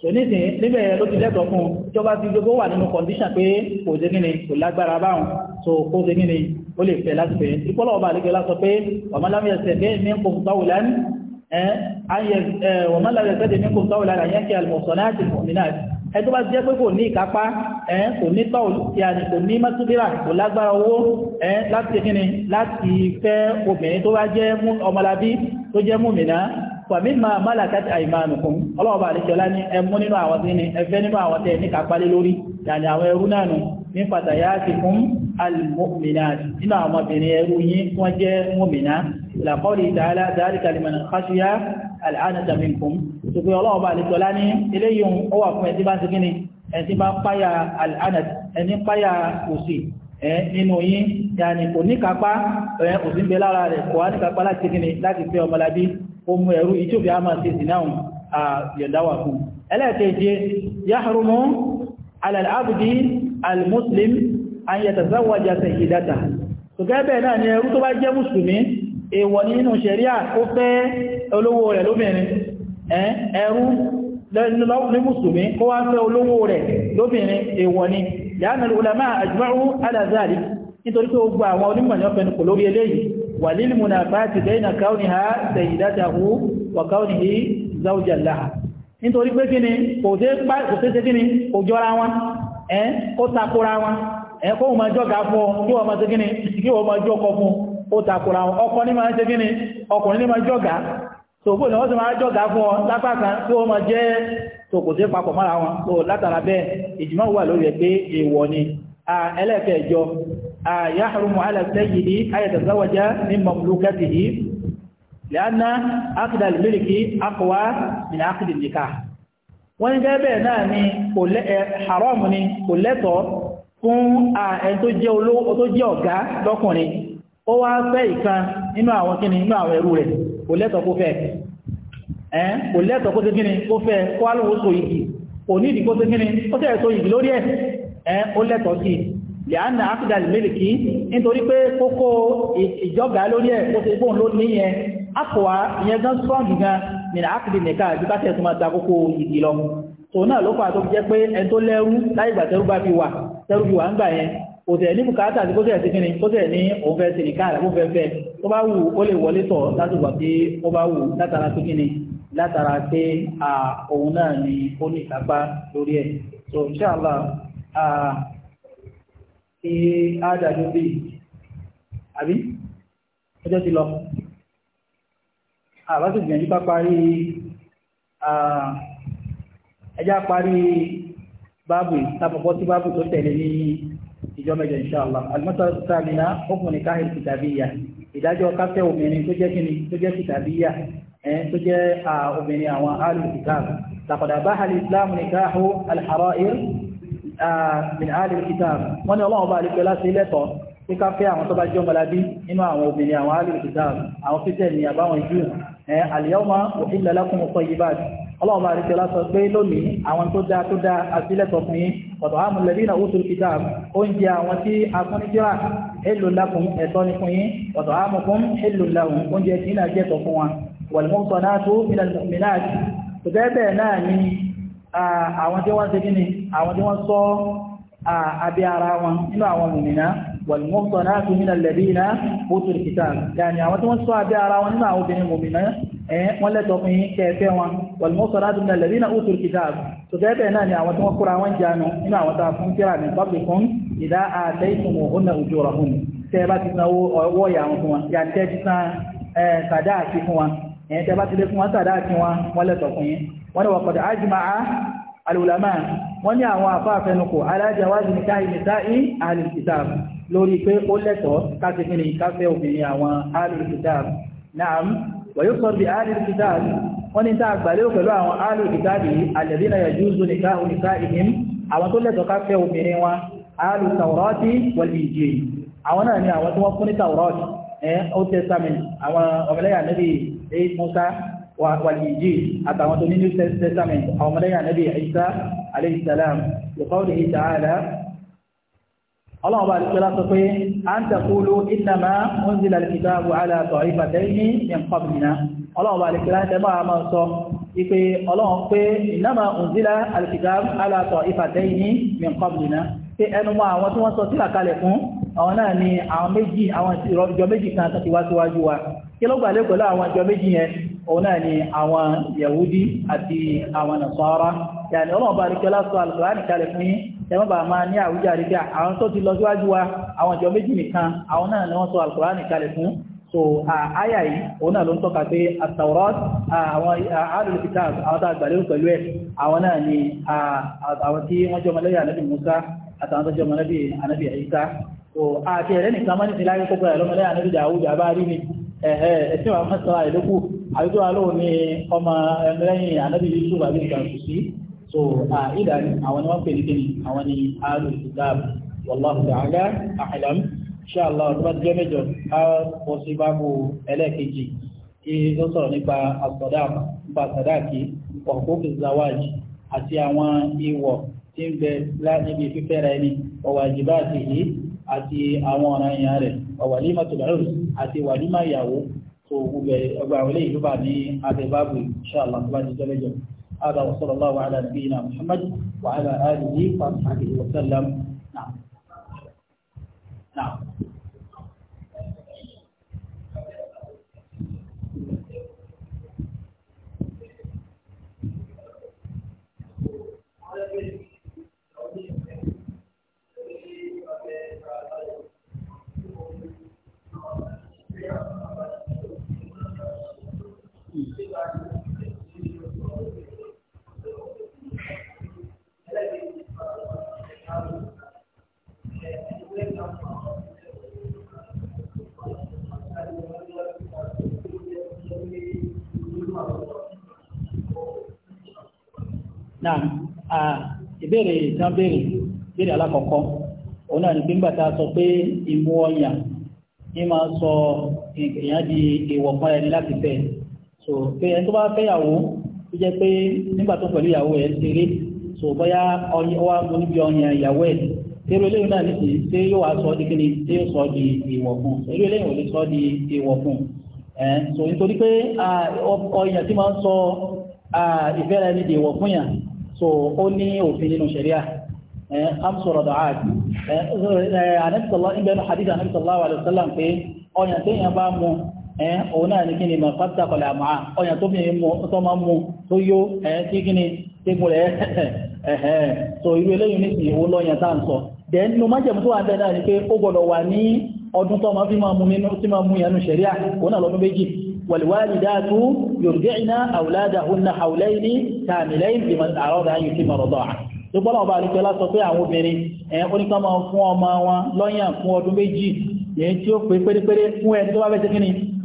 so nísìn níbẹ̀ so kó ṣe kíni ó lè fẹ́ láti fẹ́ ìpọ́lọ̀ ọba àlejò láti sọ pé ọmọláwẹ̀sẹ̀ dé ní kòmùtàwùlán ọmọláwẹ̀sẹ̀ dé ní kòmùtàwùlán àyẹ́kẹ́ àlùmọ̀sọ̀láàtì mọ̀mìnáàtì ẹ tó bá jẹ́ pé kò ní ìkápá ẹ kò ní tọ́ọ̀lù tí a ní kò ní mọ́túbíra kò lágbára owó ẹ láti kíni láti fẹ́ obìnrin tó bá jẹ́ ọmọlábí tó jẹ́ múmìnà fàmí máa málàkàtì àìmánukùn ọlọ́ọ̀bà àlejòlá ní ẹmú nínú àwọn tí ní ẹfẹ́ nínú àwọn tẹ̀ ní kápálé lórí yàní àwọn ẹrú náà nù ní pàtàyà ti fún المؤمنات إما ما بنيروي وجه مؤمنا إلى قوله تعالى ذلك لمن خشي العنة منكم تقول الله بالك ولاني إليهم هو أكما يتبع سكيني يتبع قيا العنة ẹni páyà òsì ẹ nínú yín yàní kò ní kápá ẹ òsì ń bẹ lára rẹ̀ kò wá ní kápá láti kíni láti fẹ́ ọmọlábí ohun ẹ̀rú ìtòfì àmà ti sì náà àyọ̀dáwà fún ẹlẹ́ẹ̀kẹ́jẹ yahrumu alàlábùdí almuslim an yatazawaja sayyidataha tòkẹ́bẹ̀ náà ni ẹrú tó bá jẹ́ mùsùlùmí èèwọ̀ ní nínú ṣẹ̀ríà ó fẹ́ olówó rẹ̀ lóbìnrin ẹrú ní mùsùlùmí kó wá fẹ́ olówó rẹ̀ lóbìnrin èèwọ̀ ni yánàlú ulama ajma'u ala zalik nítorí pé ogbà àwọn onímọ̀ ní ọ̀fẹ́ nìkò lórí eléyìí wà lílì múnà bá ti bẹ́ẹ̀nà káwùnìhá sayyidatahu wà káwùnìhí zawjan laha nítorí kó takora wọn ẹ̀kọ́ òun máa ga fún ọ kí wọ́n máa ṣe gíní kí wọ́n máa jọ́kọ fún ó takùrà ọkọ ní máa ṣe gíní ọkùnrin ní máa jọ́gà tòbó wọ́n sì máa fún ọ lápá tí wọ́n máa jẹ́ tòkòtò papọ̀ mọ́ra wọn tó látara bẹ́ẹ̀ wà lórí pé ni ẹlẹ́kẹ̀ẹ́jọ wọ́n bẹ́ẹ̀ náà ni haram ni kò fún ẹni tó jẹ́ olówó tó jẹ́ ọ̀gá lọ́kùnrin ó wá fẹ́ ìkan nínú àwọn kíni nínú àwọn ẹrù rẹ̀ kò lẹ́tọ̀ kó fẹ́ ẹ̀ kò lẹ́tọ̀ọ́ kó kó fẹ́ kó so kò ní ìdíkó kíni ó tẹ́ lórí ẹ̀ ẹ̀ ó sí nítorí pé kókó ìjọba lórí kó ló ní yẹn àpòwà ìyẹn gan strong gan nínú lọ náà ló fà tó pé tó bá tẹ́rù wà ń gbà yẹn kò tẹ̀ ní bùkátà tí kò tẹ̀ sí kíni kò tẹ̀ ní òun fẹ́ sí nìkan àrẹ kò fẹ́ fẹ́ tó bá wù ó lè wọlé tọ̀ látùgbà tí ó bá wù látara sí kíni látara pé òun náà ni ó ní ìkápá lórí ẹ̀ so inshallah kí á dájú bí àbí ọjọ́ ti lọ àbá sì gbìyànjú ká parí ẹjá parí báàbù ìtàbọ̀bọ̀ sí báàbù tó tẹ̀lé ní ìjọ mẹ́jọ inshallah alimọ́sọ̀rọ̀ sàmìnà ọkùnrin ní káhìn kìtàbíyà ìdájọ́ káfẹ́ obìnrin tó jẹ́ kíni tó jẹ́ kìtàbíyà ẹ̀ tó jẹ́ obìnrin àwọn alùpùpù làkọ̀dà bá hàlì islam ní káhù alḥara'ir min alùpùpù wọ́n ní ọlọ́run bá alùpùpù láti lẹ́tọ̀ pé káfẹ́ àwọn tó bá jẹ́ ọmọlábí nínú àwọn obìnrin àwọn alùpùpù àwọn kristian ní àbáwọn jù ẹ̀ al-yawma uhilla lakum at-tayyibat ọlọ́run bá àríkẹ́ lásọ pé lónìí àwọn tó dáa tó dáa àtìlẹ́tọ̀ fún yín ọ̀tọ̀ àmú lẹ́bí náà wútu kìtà oúnjẹ àwọn tí a fún ní kíra èlò lákùn ẹ̀tọ́ ní fún yín ọ̀tọ̀ àmú fún èlò láwùn oúnjẹ tí náà jẹ́ tọ̀ fún wọ̀lùmọ́ sọ náà tó mìíràn mìíràn والمحصنات من الذين أوتوا الكتاب يعني àwọn tí wọ́n sọ abẹ́ ara wọn nínú àwọn obìnrin mòmìnà ẹ̀ wọ́n lẹ́tọ̀ fún yín kẹfẹ́ wọn والمحصنات من الذين أوتوا الكتاب tó gẹ́gẹ́ náà ni àwọn tí wọ́n kóra wọn jánu nínú àwọn tá a fún kíra ní pọ́blìkún إذا آتيتموهن أجورهن tẹ́ bá ti sanwó ọwọ́ ìyá wọn fún wọn yà tẹ́ ti san sàdáàkì fún wọn ẹ̀ tẹ́ bá ti lé fún wọn sàdáàkì wọn wọ́n lẹ́tọ̀ fún yín wọ́n ni wọ́n kọ̀dọ̀ ájùmọ̀ á alùlámà wọ́n ní àwọn àfáàfẹ́nukò alájàwájú ní káyìí nìsáì àlùkìtàbù lórí pé ó lẹ́tọ̀ọ́ káṣe kí ni káfẹ́ obìnrin àwọn alìkìtàb náà wàyó sọ bí alìkìtàb wọ́n ní tá àgbàlérò pẹ̀lú àwọn alìkìtàb alladhina yajuzu nikahu nisa'ihim àwọn tó lẹ́tọ̀ọ́ káfẹ́ obìnrin wọn alu tawrati wal injil àwọn náà ni àwọn tí wọ́n fún ní tawrati ẹ̀ old testament àwọn ọlọ́run bá rikẹ́ lásọ pé a ń tẹ̀kúlú ìtàmà oúnjẹ́lá ìtàbù aláàtọ̀ ìfàtẹ́yìn ní pọ̀bìnà ọlọ́run bá rikẹ́ lásọ bá máa sọ ipé ọlọ́run pé ìnáma oúnjẹ́lá alìtàbù aláàtọ̀ ìfàtẹ́yìn ní pọ̀bìnà pé ẹnu mọ́ àwọn tí wọ́n sọ sílà kalẹ̀ fún àwọn náà ni àwọn méjì àwọn ìjọ méjì kan tó ti wá síwájú wa kí ló gbà pẹ̀lú àwọn ìjọ méjì yẹn òun náà ni àwọn yahudi àti àwọn nasara yàní ọlọ́run bá rikẹ́ lásọ alìtàbù kalẹ̀ fún yín tẹ́mọ́bà máa ní àwújáre pé àwọn tó ti lọ síwájú wa àwọn ìjọ méjì nìkan àwọn náà ni wọ́n sọ alkùránì kalẹ̀ fún so àyà yìí òun náà ló ń tọ́ka pé at-Tawrat àwọn ahlul àwọn tá a gbàlérò pẹ̀lú ẹ̀ àwọn náà ni àwọn tí wọ́n jọ mọ́lẹ́yà Ànábì so àti ẹ̀rẹ́ nìkan mọ́ ní ti láyé kókó ẹ̀ lọ́mọlẹ́yà Ànábì ni ẹ̀sìn wà mọ́sán àìlókù àbíkú wa lóun ni ọmọ ẹ̀mẹ́lẹ́yìn Ànábì Yusuf àbí so ìdá uh, àwọn ni wọ́n pè ní kíni àwọn ni alul kitab wallahu ta'ala a'lam inshallah tó bá jẹ́ mẹ́jọ á bọ́ sí báàbù ẹlẹ́ẹ̀kejì kí ó sọ̀rọ̀ nípa as-sadaq nípa sàdáàkì ọ̀kókè zawaj àti àwọn ìwọ̀ tí ń bẹ níbi fífẹ́ra ẹni wàjibáàtì yìí àti àwọn ọ̀nà ìyàn rẹ̀ ọ̀wàlímà tòbárò àti wàlímà ìyàwó tó gbogbo ọgbà àwọn ilé ìlú bá ní abẹ́báàbù inshallah tó bá jẹ́ mẹ́jọ هذا وصلى الله على نبينا محمد وعلى آله وصحبه وسلم نعم نعم náà ìbéèrè ìtàn béèrè béèrè alákọ̀ọ́kọ́ òun náà ní pé ńgbà tá a sọ pé ìmú ọyàn ní máa sọ èèyàn di èèwọ̀ fún ẹni láti fẹ́ so pé ẹni tó bá fẹ́yàwó tó jẹ́ pé nígbà tó pẹ̀lú ìyàwó ẹ̀ ṣeré so bóyá ọyàn wa mo níbi ọyàn ìyàwó ẹ̀ tẹ́rù eléyìí náà nìsí tí yóò wá sọ ọ́ di kíni tí yóò sọ ọ́ di èèwọ̀ fún tẹ́rù eléyìí ò lè sọ ọ́ di èèwọ̀ fún so nítorí pé ọyàn tí máa ń sọ ìfẹ́ rẹ̀ ní èèwọ̀ fún yàn so ó ní òfin nínú ṣẹ̀ríà amsu rada'at anẹ́sọ̀lá ibẹ̀ ní hadith anẹ́sọ̀lá wa alẹ́ sọ́lá pé ọyàn tó yẹn bá mu òun náà ní kí ni mọ̀fátà kọlẹ̀ àmà ọyàn tó bìnrin mu tó máa mu tó yó tí kí ni tí mo rẹ̀ (laughs) ẹ̀hẹ́ so irú eléyìí ní ìwò lọ́yàn tá à ń sọ then والوالدات يرجعن أولادهن حولين كاملين لمن أراد أن يتم رضاعه lọ́pọ̀lọ́ ọba àríkẹ́ lásọ pé àwọn obìnrin ẹ̀yẹn kó ní ká máa fún ọmọ wọn lọ́yàn fún ọdún fún ẹni tó bá fẹ́ sí tó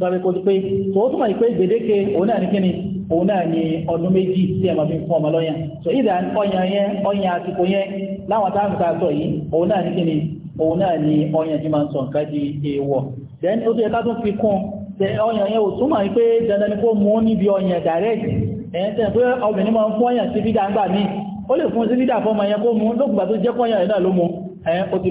bá fẹ́ kó pé tó ó túnmọ̀ ìpé ìgbèdéke òun náà ní kíni òun náà ní ọdún méjì tí ẹ máa fi fún ọmọ lọ́yàn so ìdá ọyàn yẹn ọyàn àsìkò yẹn láwọn táàmù tá sọ yìí òun náà ní kíni òun náà ní ọyàn tí máa ń sọ nǹkan di èèwọ̀ ọyàn yẹn ò túmọ̀ pé dandan ni kó mú níbi ọyàn direct ẹ̀yẹn tẹ̀ pé obìnrin máa ń fún ọyàn sí fídà ńgbà míì ó lè fún sí fídà yẹn kó mú lókùnbà tó jẹ́ kọ́yàn yẹn náà ló mú ẹ̀yẹn ó ti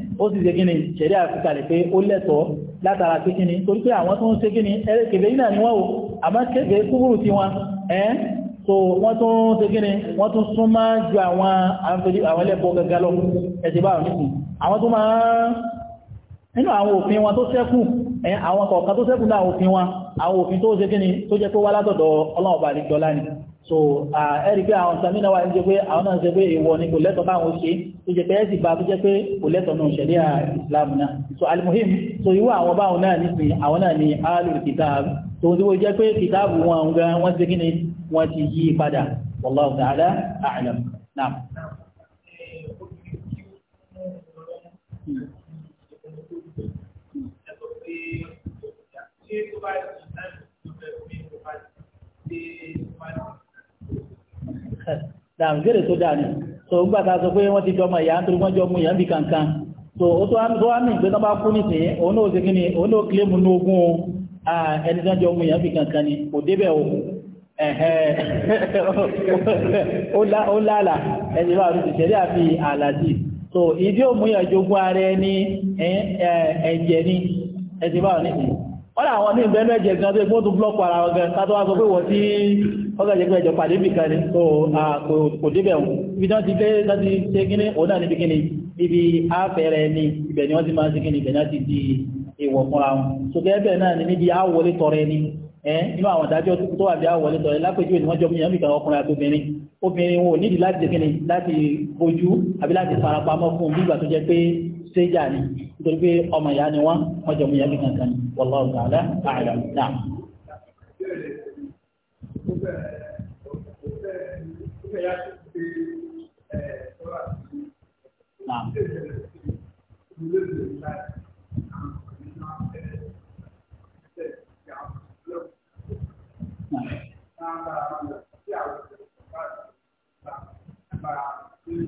ó sì ṣe kíni ṣẹ̀rí àfikalẹ̀ pé ó lẹ́tọ̀ọ́ látara pé kíni torí pé àwọn tó ń ṣe kíni ẹ̀rẹ́ kèfè yìí ni wọ́n o àmọ́ kèfè kúrú ti wọn ẹ́ so wọ́n tún ṣe kíni wọ́n tún súnmọ́ ju àwọn àwọn ẹlẹ́bọ̀ gẹ́gẹ́ lọ ẹ̀sìn báwọn nìkú àwọn tó máa nínú àwọn òfin wọn tó ṣẹ́kù ẹ̀ àwọn kọ̀ọ̀kan tó ṣẹ́kù náà òfin wọn so ẹ̀rí pé àwọn sàmínà wà ní ṣe ni kò lẹ́tọ̀ọ́ báwọn tó jẹ́ pé ẹ̀sì bá tó jẹ́ pé kò lẹ́tọ̀ọ́ náà ṣẹ̀ríà ìsìláàmù náà so alimuhim so irú àwọn báwọn náà nípin àwọn náà ni aálù kìtáàbù tó ń díwó jẹ́ pé kìtáàbù wọn gan wọ́n ti kí wọ́n ti yí padà wallahu ta'ala a'lam naam dàgbére tó dà ní so gbàtà sọ pé wọ́n ti jọmọ ìyá nítorí wọ́n jọ mú ìyá bí kankan so ó tó wá mí ìgbé tán bá kú nìsín òun náà ó ṣe kí ni òun náà kílé mu ní ogún ẹni tán jọ mú ìyá bí kankan ni kò débẹ̀ o (laughs) ó lálà ẹni bá rúti ṣẹlẹ̀ àfi àlàjì so ìdí òmùyànjogún ara ẹni ẹ̀jẹ̀ ni ẹ̀sìn bá rúti ọ̀rọ̀ àwọn ní ìbẹ̀ẹ́lẹ̀ ẹ̀jẹ̀ gan tó gbọ́n tó blọ́kù ara ọgá tátọ́ wá sọ pé wọ́n tí ọgá jẹ́ pé ẹjọ́ pàdé bì kan ní kò débẹ̀ wọn ibi tí wọ́n láti ṣe kíní òun ní ni wọ́n ti máa ṣe kíní ibẹ̀ náà ti di èèwọ̀ so gẹ́gẹ́ náà ni níbi àwọlé tọrẹ ni nínú àwọn ìdájọ́ tó wà bí àwọlé tọrẹ lápèjú ni wọ́n jọ mìíràn nìkan ọkùnrin àti obìnrin obìnrin wọn ò nídìí láti ṣe kíní láti bojú séjà ni nítorí pé ọmọ ìyá ni wọ́n wọ́n jọ mú ìyá kíkan kan wallahu ta'ala a'lam náà.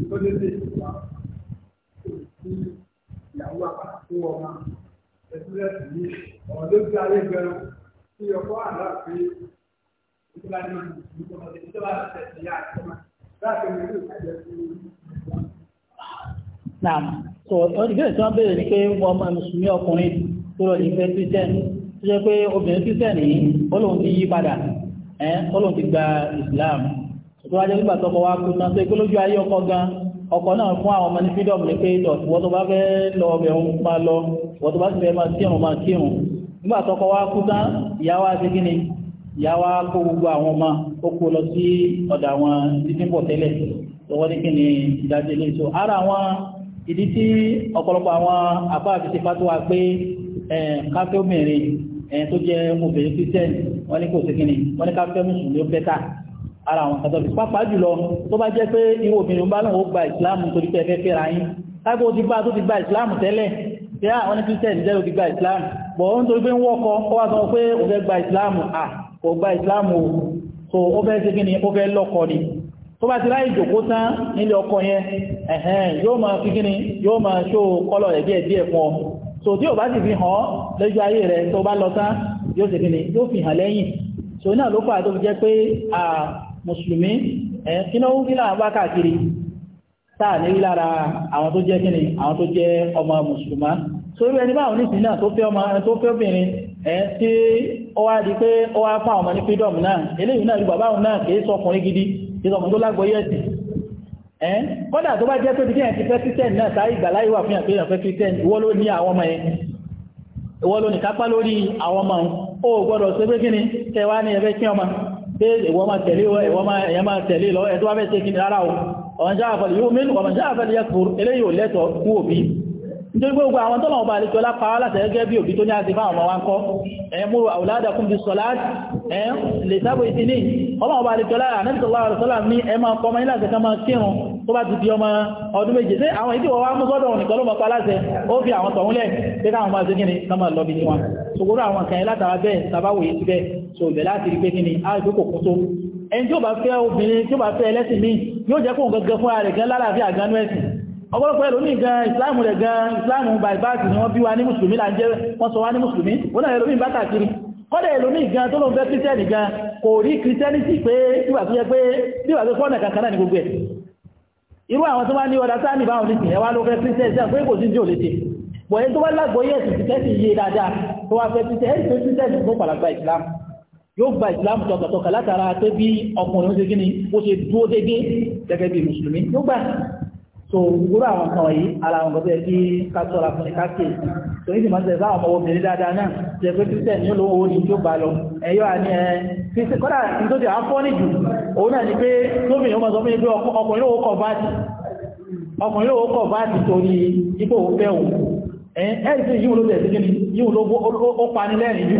Thank owó ọmọ ẹ̀sìnlẹ̀sì ní ọ̀rọ̀ ló fi ayé gbẹrun tí ọkọ̀ àlọ́ pé ìjọba ní ìjọba ní ìjọba ní tẹ̀sí yá àtọ́mọ́ láti ní ìlú ìtajà sí Naam, so ìbéèrè tí wọ́n béèrè ni pé wọ́n máa mùsùlùmí ọkùnrin tó lọ ìfẹ́ Christian tó jẹ́ pé obìnrin Christian yìí Ọlọ́run ti yí padà Ọlọ́run ti gba Islam tó wájú nígbà tó ọkọ wa kú tán tó ìpolójú ayé ọkọ gan ọkọ náà fún àwọn ọmọ ní freedom ní pé wọ́n tó bá fẹ́ lọ ọbẹ̀ òun máa lọ wọ́n tó bá sì fẹ́ máa kírun máa kírun nígbà tọkọ wa kú tán ìyá wa ṣe kíni ìyá wa kó gbogbo àwọn ọmọ ó kó lọ sí ọ̀dọ̀ àwọn títí pọ̀ tẹ́lẹ̀ lọ́wọ́ ní kíni ìdájọ́ ilé ìṣó ara àwọn ìdí tí ọ̀pọ̀lọpọ̀ àwọn àbá àfisí fatuwa pé káfẹ́ obìnrin tó jẹ́ obìnrin kristian wọ́n ní kò sí kíni wọ́n ní káfẹ́ ara àwọn kàtọ́lù pápá jùlọ tó bá jẹ́ pé irú obìnrin bá lóun ó gba ìsìláàmù torí pé ẹfẹ́ fẹ́ra yín tágbó ti bá tó ti gba ìsìláàmù tẹ́lẹ̀ tí á àwọn kírísítẹ̀ẹ̀nì jẹ́ òti gba ìsìláàmù bọ̀ ó ń torí pé ń wọ́kọ́ ó wá sọ pé ó fẹ́ gba ìsìláàmù à kò gba ìsìláàmù o so ó fẹ́ ṣe kíni ó fẹ́ lọ́kọ ni tó bá ti ráyè jòkó tán nílé ọkọ yẹn ẹ̀hẹ́n yóò máa fi kíni yóò máa ṣó kọ́lọ̀ rẹ̀ díẹ̀ díẹ̀ fún ọ so tí ò bá sì fi hàn lójú ayé rẹ̀ tó bá lọ tán yóò ṣe kíni yóò fi hàn lẹ́yìn so náà ló fà tó fi jẹ́ pé mùsùlùmí ẹ̀ kí náà ń rí láàrín wá káàkiri táà ní rí lára àwọn tó jẹ́ kíni àwọn tó jẹ́ ọmọ mùsùlùmá sórí ẹni báwọn ní ìsìn náà tó fẹ́ ọmọ tó fẹ́ obìnrin ẹ̀ tí ó wá di pé ó wá fún àwọn ọmọ ní freedom náà eléyìí náà ju bàbá òun náà kìí sọkùnrin gidi kìí sọkùnrin tó lágbóyè ẹ̀sìn ẹ̀ kódà tó bá jẹ́ pé bí kíyàn ti fẹ́ christian náà táyé ìgbà láyé wà fún yàn pé yàn fẹ́ christian ìwọ ló ní àwọn ọmọ yẹn ìwọ ló ní kápá lórí àwọn ọmọ òun gbọ́dọ̀ ṣe pé kíni kẹwàá ní ẹgbẹ́ kí ọmọ pé ìwọ máa tẹ̀lé lọ ẹ̀wọ́ máa tẹ̀lé lọ ẹ̀ tó wá bẹ́ tẹ́ kí ní rárá o ọ̀n jáà fẹ́lẹ̀ yóò mẹ́lù ọ̀n jáà fẹ́lẹ̀ yẹ́kù eléyìí ò lẹ́tọ̀ kú òbí nítorí gbogbo àwọn tọ́lọ̀ ọba àlejò lápáwá láti ẹgẹ́ bí òbí tó ní àti fáwọn ọmọ wa ń kọ́ ẹ̀yẹn múrò àwòládàkùn bí sọ̀lá ẹ̀ lè sábò ìtì ní ọmọ ọba àlejò lára anẹ́bìsọ̀lá ọ̀rọ̀sọ́lá ní ẹ máa kọ́ ọmọ ilẹ̀ ká máa kírun tó bá ti di ọmọ ọdún méje sí àwọn ìdíwọ̀ wa mú sọ́dọ̀ nìkan ló mọ̀ pa láṣẹ ó fi àwọn tọ̀húnlẹ̀ pé káwọn máa ṣe kí ni ká máa lọ bí tiwọn ṣògbórò àwọn kan yẹn látara bẹ́ẹ̀ tàbáwò yìí ti bẹ́ẹ̀ so ìbẹ̀ láti rí pé kí ni a ìdókò kún tó ẹni tí ó bá fẹ́ obìnrin tí ó bá fẹ́ ẹlẹ́sìn míì yóò jẹ́ kóhùn gẹ́gẹ́ fún ààrẹ gan lálàáfíà ganú ẹ̀sìn ọgbọ́lọpọ̀ ẹlòmíì gan ìsìláàmù rẹ̀ gan ìsìláàmù bypass ni wọ́n bí wa ní mùsùlùmí là ń jẹ́ wọ́n sọ wá ní mùsùlùmí ó náà ẹlòmíì bá tàkiri kọ́dẹ̀ ẹlòmíì gan tó ló ń fẹ́ kírísítẹ́nì gan kò rí kírísítẹ́nìtì pé bíwà tó yẹ pé bíwà tó fọ́nà kankan náà ní gbogbo ẹ̀ irú àwọn tó wá ní ọ̀dà sáà nìbáwọn ní ìsìn ẹwà ló fẹ́ kírísítẹ́nì pé kò sí ní òlétè bọ̀yẹ́ dáadáa tó wá fẹ́ títẹ́sì tó tó pàlàgbà ìsìláàmù yóò gba islam tọkàtọkà látara pé bí ọkùnrin ó ṣe gíní ó ṣe dúó dédé gẹ́gẹ́ bí mùsùlùmí yóò gbà so gbogbo àwọn kan wọ̀nyí ara àwọn gọ́gẹ́ tí kásọ́ra fún ìkáàkì tó ní ìmọ̀ ṣẹ̀fà àwọn obìnrin dáadáa náà ṣe pé christian ní olówó ní tó bá lọ ẹ̀yọ́ àní ẹ̀ christian kọ́dà ní tó ti àfọ́ ní jù òun náà ni pé tóbìnrin ó mọ̀ sọ ọkùnrin lówó kọ̀ báàtì ọkùnrin lówó kọ̀ báàtì torí ipò òun fẹ́ òun ẹ̀ẹ́dì tí yíò ló tẹ̀ sí kí ni yíò ló pa ní lẹ́rìn jù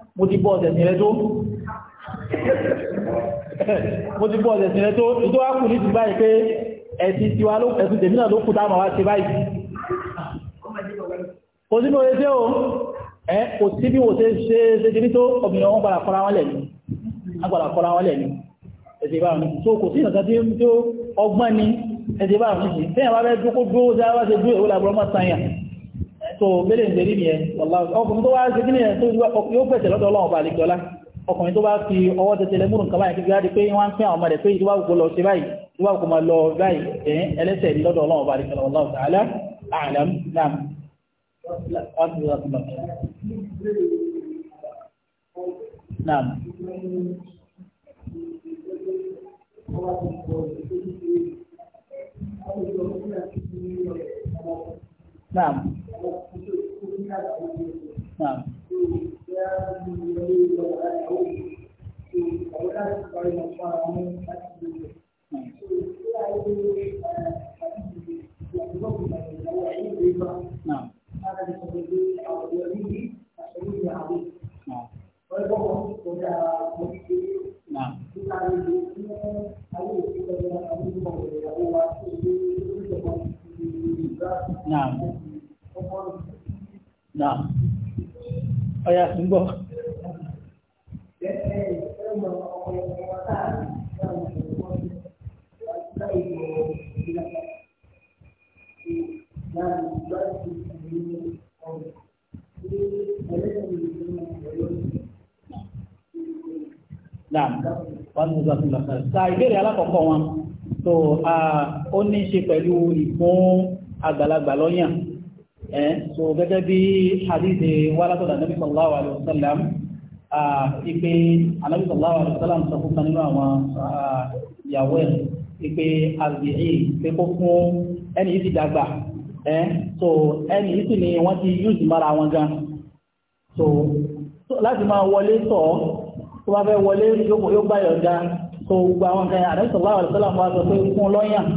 mo ti bọ́ ọ̀sẹ̀sìn rẹ tó mo ti bọ́ ọ̀sẹ̀sìn rẹ tó ìtò wá kù ní ti báyìí pé ẹ̀sìn tiwa ló ẹ̀sìn tèmi náà ló kù táwọn wá ṣe báyìí kò sí bí o ṣe o ẹ kò sí bí o ṣe ṣe ṣe ṣe ní tó obìnrin wọn gbàdà kọ́ra wọn lẹ̀ ní agbàdà kọ́ra wọn lẹ̀ ní ẹ̀sìn ìbára ní tó kò sí ìrìnàkà tí ó ọgbọ́n ní so mẹ́lẹ̀ ń lérí nìyẹn ọkùnrin tó wá ṣe kí nìyẹn tó yóò pẹ̀sẹ̀ lọ́dọ̀ ọlọ́run ọba àlejò ọlá ọkùnrin tó bá fi ọwọ́ tẹ́tẹ́ lẹ́mùrùn kan báyìí kíkí láti pé wọ́n ń pín àwọn ọmọ rẹ̀ pé ìdíwá òkú lọ sí báyìí ìdíwá òkú máa lọ نعم ọ̀yà ń bọ̀. Naam, wọ́n mú ìgbà fún ìgbà. Ta ìbéèrè alákọ̀ọ́kọ́ wọn, so ó ní ṣe pẹ̀lú ìfún àgbàlagbà lọ́yàn ẹ̀ eh, so gẹ́gẹ́ bí hadith wàlátọ̀dà nàbí sallallahu alayhi wa sallam ipe anabi sallallahu alayhi wa sallam sọ fún kan nínú àwọn ìyàwó ẹ̀ ipe azìí pé kó fún ẹni yìí ti dàgbà ẹ̀ eh, so ẹni yìí sì ni wọ́n ti yúùsì mara wọn gan so láti máa wọlé tọ̀ tó bá fẹ́ wọlé yóò gbá yọ̀ǹda so gbogbo àwọn kan anabi sallallahu alayhi wa sallam wá sọ pé fún lọ́yàn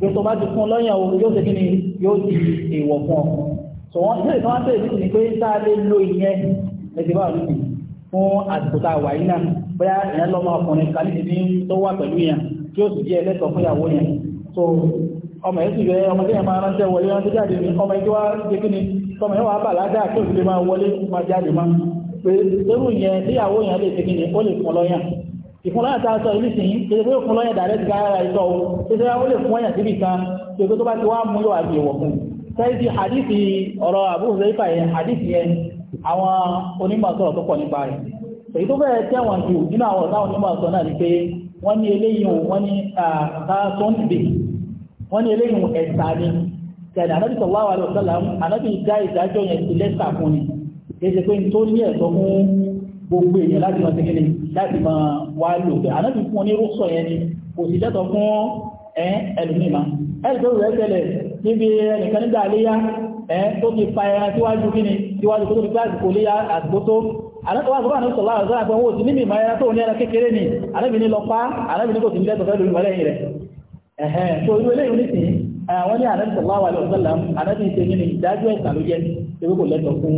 pé tó bá ti fún lọ́yàn o yóò ṣe kí ni yóò di èèwọ̀ fún ọ sọ wọn ṣe ìtàn wọn tẹ̀lé ní pé tá a lè lo ìyẹn ẹ̀sìn báwọn lùdì fún àsìkò tá a wà yìí náà bóyá ìyẹn lọ́mọ ọkùnrin kálífì ní tó wà pẹ̀lú yẹn tí ó sì jẹ́ ẹlẹ́tọ̀ fún ìyàwó yẹn so ọmọ yẹn sì yẹ ọmọ tí yẹn máa rántẹ wọlé rántẹ jáde ní ọmọ yẹn tí wàá ṣe kí ni ọmọ yẹn wàá bà ládàá tí òṣèlú máa wọlé máa jáde máa pé sẹ́rù yẹn tíyàwó yẹn lè ṣe kí ni ó lè fún ọlọ́yàn ìfúnlọ́yà tá a sọ ilé sìn kéde pé ìfúnlọ́yà dàrẹ́ ti ká ara ìtọ́ o kéde ó fún ọyàn síbi kan kéde tó bá ti wá mú yóò àbí ìwọ̀ fún un sẹ́yìdì hadithi ọ̀rọ̀ Abu Huzaifa yẹn hadithi yẹn àwọn onímọ̀ sọ̀rọ̀ tó pọ̀ nípa rẹ̀ èyí tó fẹ́ẹ̀ tẹ̀wọ̀n jù nínú àwọn ọ̀tá onímọ̀ sọ náà ni pé wọ́n ní eléyìí wọ́n ní àtàtọ́ǹdì wọ́n ní eléyìí ẹ̀sà ni tẹ̀lé anábì sallallahu alaihi wasallam anábì dá ìdájọ́ yẹn sí lẹ́sà fún ni kéde pé tó ní ẹ̀tọ́ fún gbogbo èèyàn láti máa ṣe kéde ni kò sì lẹ́tọ̀ fún níbi ẹnìkan nígbà léyá ẹ́ tó ti pa ẹran síwájú kí ni síwájú kó tó fi pé àsìkò léyá àsìkò tó alákọ̀wà ní sọ̀lá àzọ́ àpọ̀ owó sí níbi ìmáyára tó ní ẹran kékeré ni alábìnrin lọ pa alábìnrin kò sí ní lẹ́tọ̀ fẹ́ lórí mọ́lẹ́yìn rẹ̀ ẹ̀hẹ́ tó irú eléyìí ní sìn àwọn ní àrẹ́ sọ̀lá wà lọ́sọ̀ làm àrẹ́bìn ṣe ní ìdájọ́ ẹ̀sà ló jẹ́ ewé kò lẹ́tọ̀ fún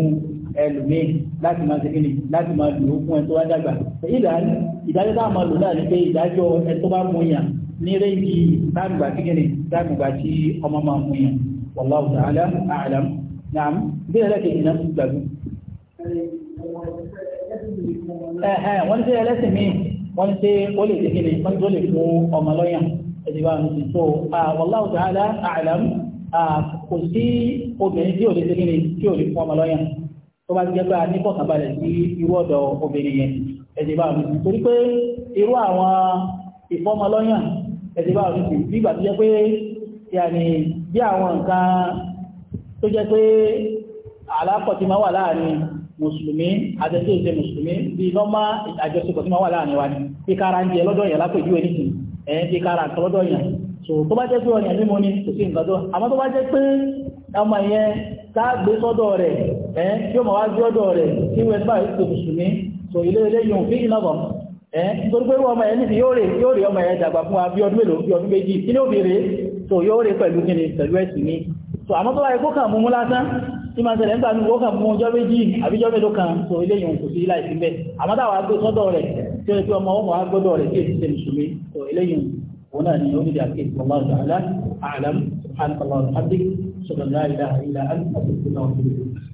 ẹlòmíì láti máa ṣe kí ni láti máa lò ó fún ẹ tó wá dàgbà ìdájọ́ táwọn máa lò náà ni pé ìdájọ́ ẹ tó bá nílé ibi tágbà tí gẹ́lẹ̀ tágbà tí ọmọ máa mú yàn wallahu ta'ala a'lam naam bí ẹlẹ́kẹ̀ iná gbàgbé. wọ́n ti ẹlẹ́sìn mi wọ́n ti ó lè dé gẹ́lẹ̀ wọ́n ti ó lè fún ọmọ lọ́yàn ẹ̀dí bá mi ti tó wallahu ta'ala a'lam kò sí obìnrin tí ò lè dé gẹ́lẹ̀ fún ọmọ lọ́yàn tó bá jẹ́ pé a ẹ̀sìn bá wọn sì bí ìgbà tó jẹ́ pé yàní bí àwọn nǹkan tó jẹ́ pé àlápọ̀ tí máa wà láàrin mùsùlùmí àtẹ̀tí òṣè mùsùlùmí bí nọ́mà àjọṣepọ̀ tí máa wà láàrin wa ni bí kára ń jẹ lọ́dọ̀ yẹn lápẹ̀jú ẹni sì ẹ̀ bí kára àti lọ́dọ̀ yẹn so tó bá jẹ́ pé ọ̀yàn mímú ni kò sí nǹkan tó àmọ́ tó bá jẹ́ pé ọmọ yẹn káàgbé sọ́dọ̀ rẹ̀ ẹ̀ tí ó máa wá gbé ọ̀dọ̀ rẹ̀ tí wẹ́n bá ìṣòkùsùn ní so ilé ẹ́ torí pé ọmọ ẹ̀ níbi yóò rí ọmọ ẹ̀ dàgbà fún wa bí ọdún mélòó bí ọdún méjì kí ní ó bèèrè tó yóò rí pẹ̀lú kí ni pẹ̀lú ẹ̀sìn ni tó àmọ́ tó wáyé kókàn mú mú lásán tí máa ṣẹlẹ̀ nígbà mú kókàn mú ọjọ́ méjì àbíjọ́ mélòó kan tó ilé yòó kò sí láìsí bẹ́ẹ̀ àmọ́ táwa gbé sọ́dọ̀ rẹ̀ tí ó ti ọmọ ọmọ agbọ́dọ̀ rẹ̀ tí èsì ṣe mùsùlùmí tó ilé yòó òun náà ni ó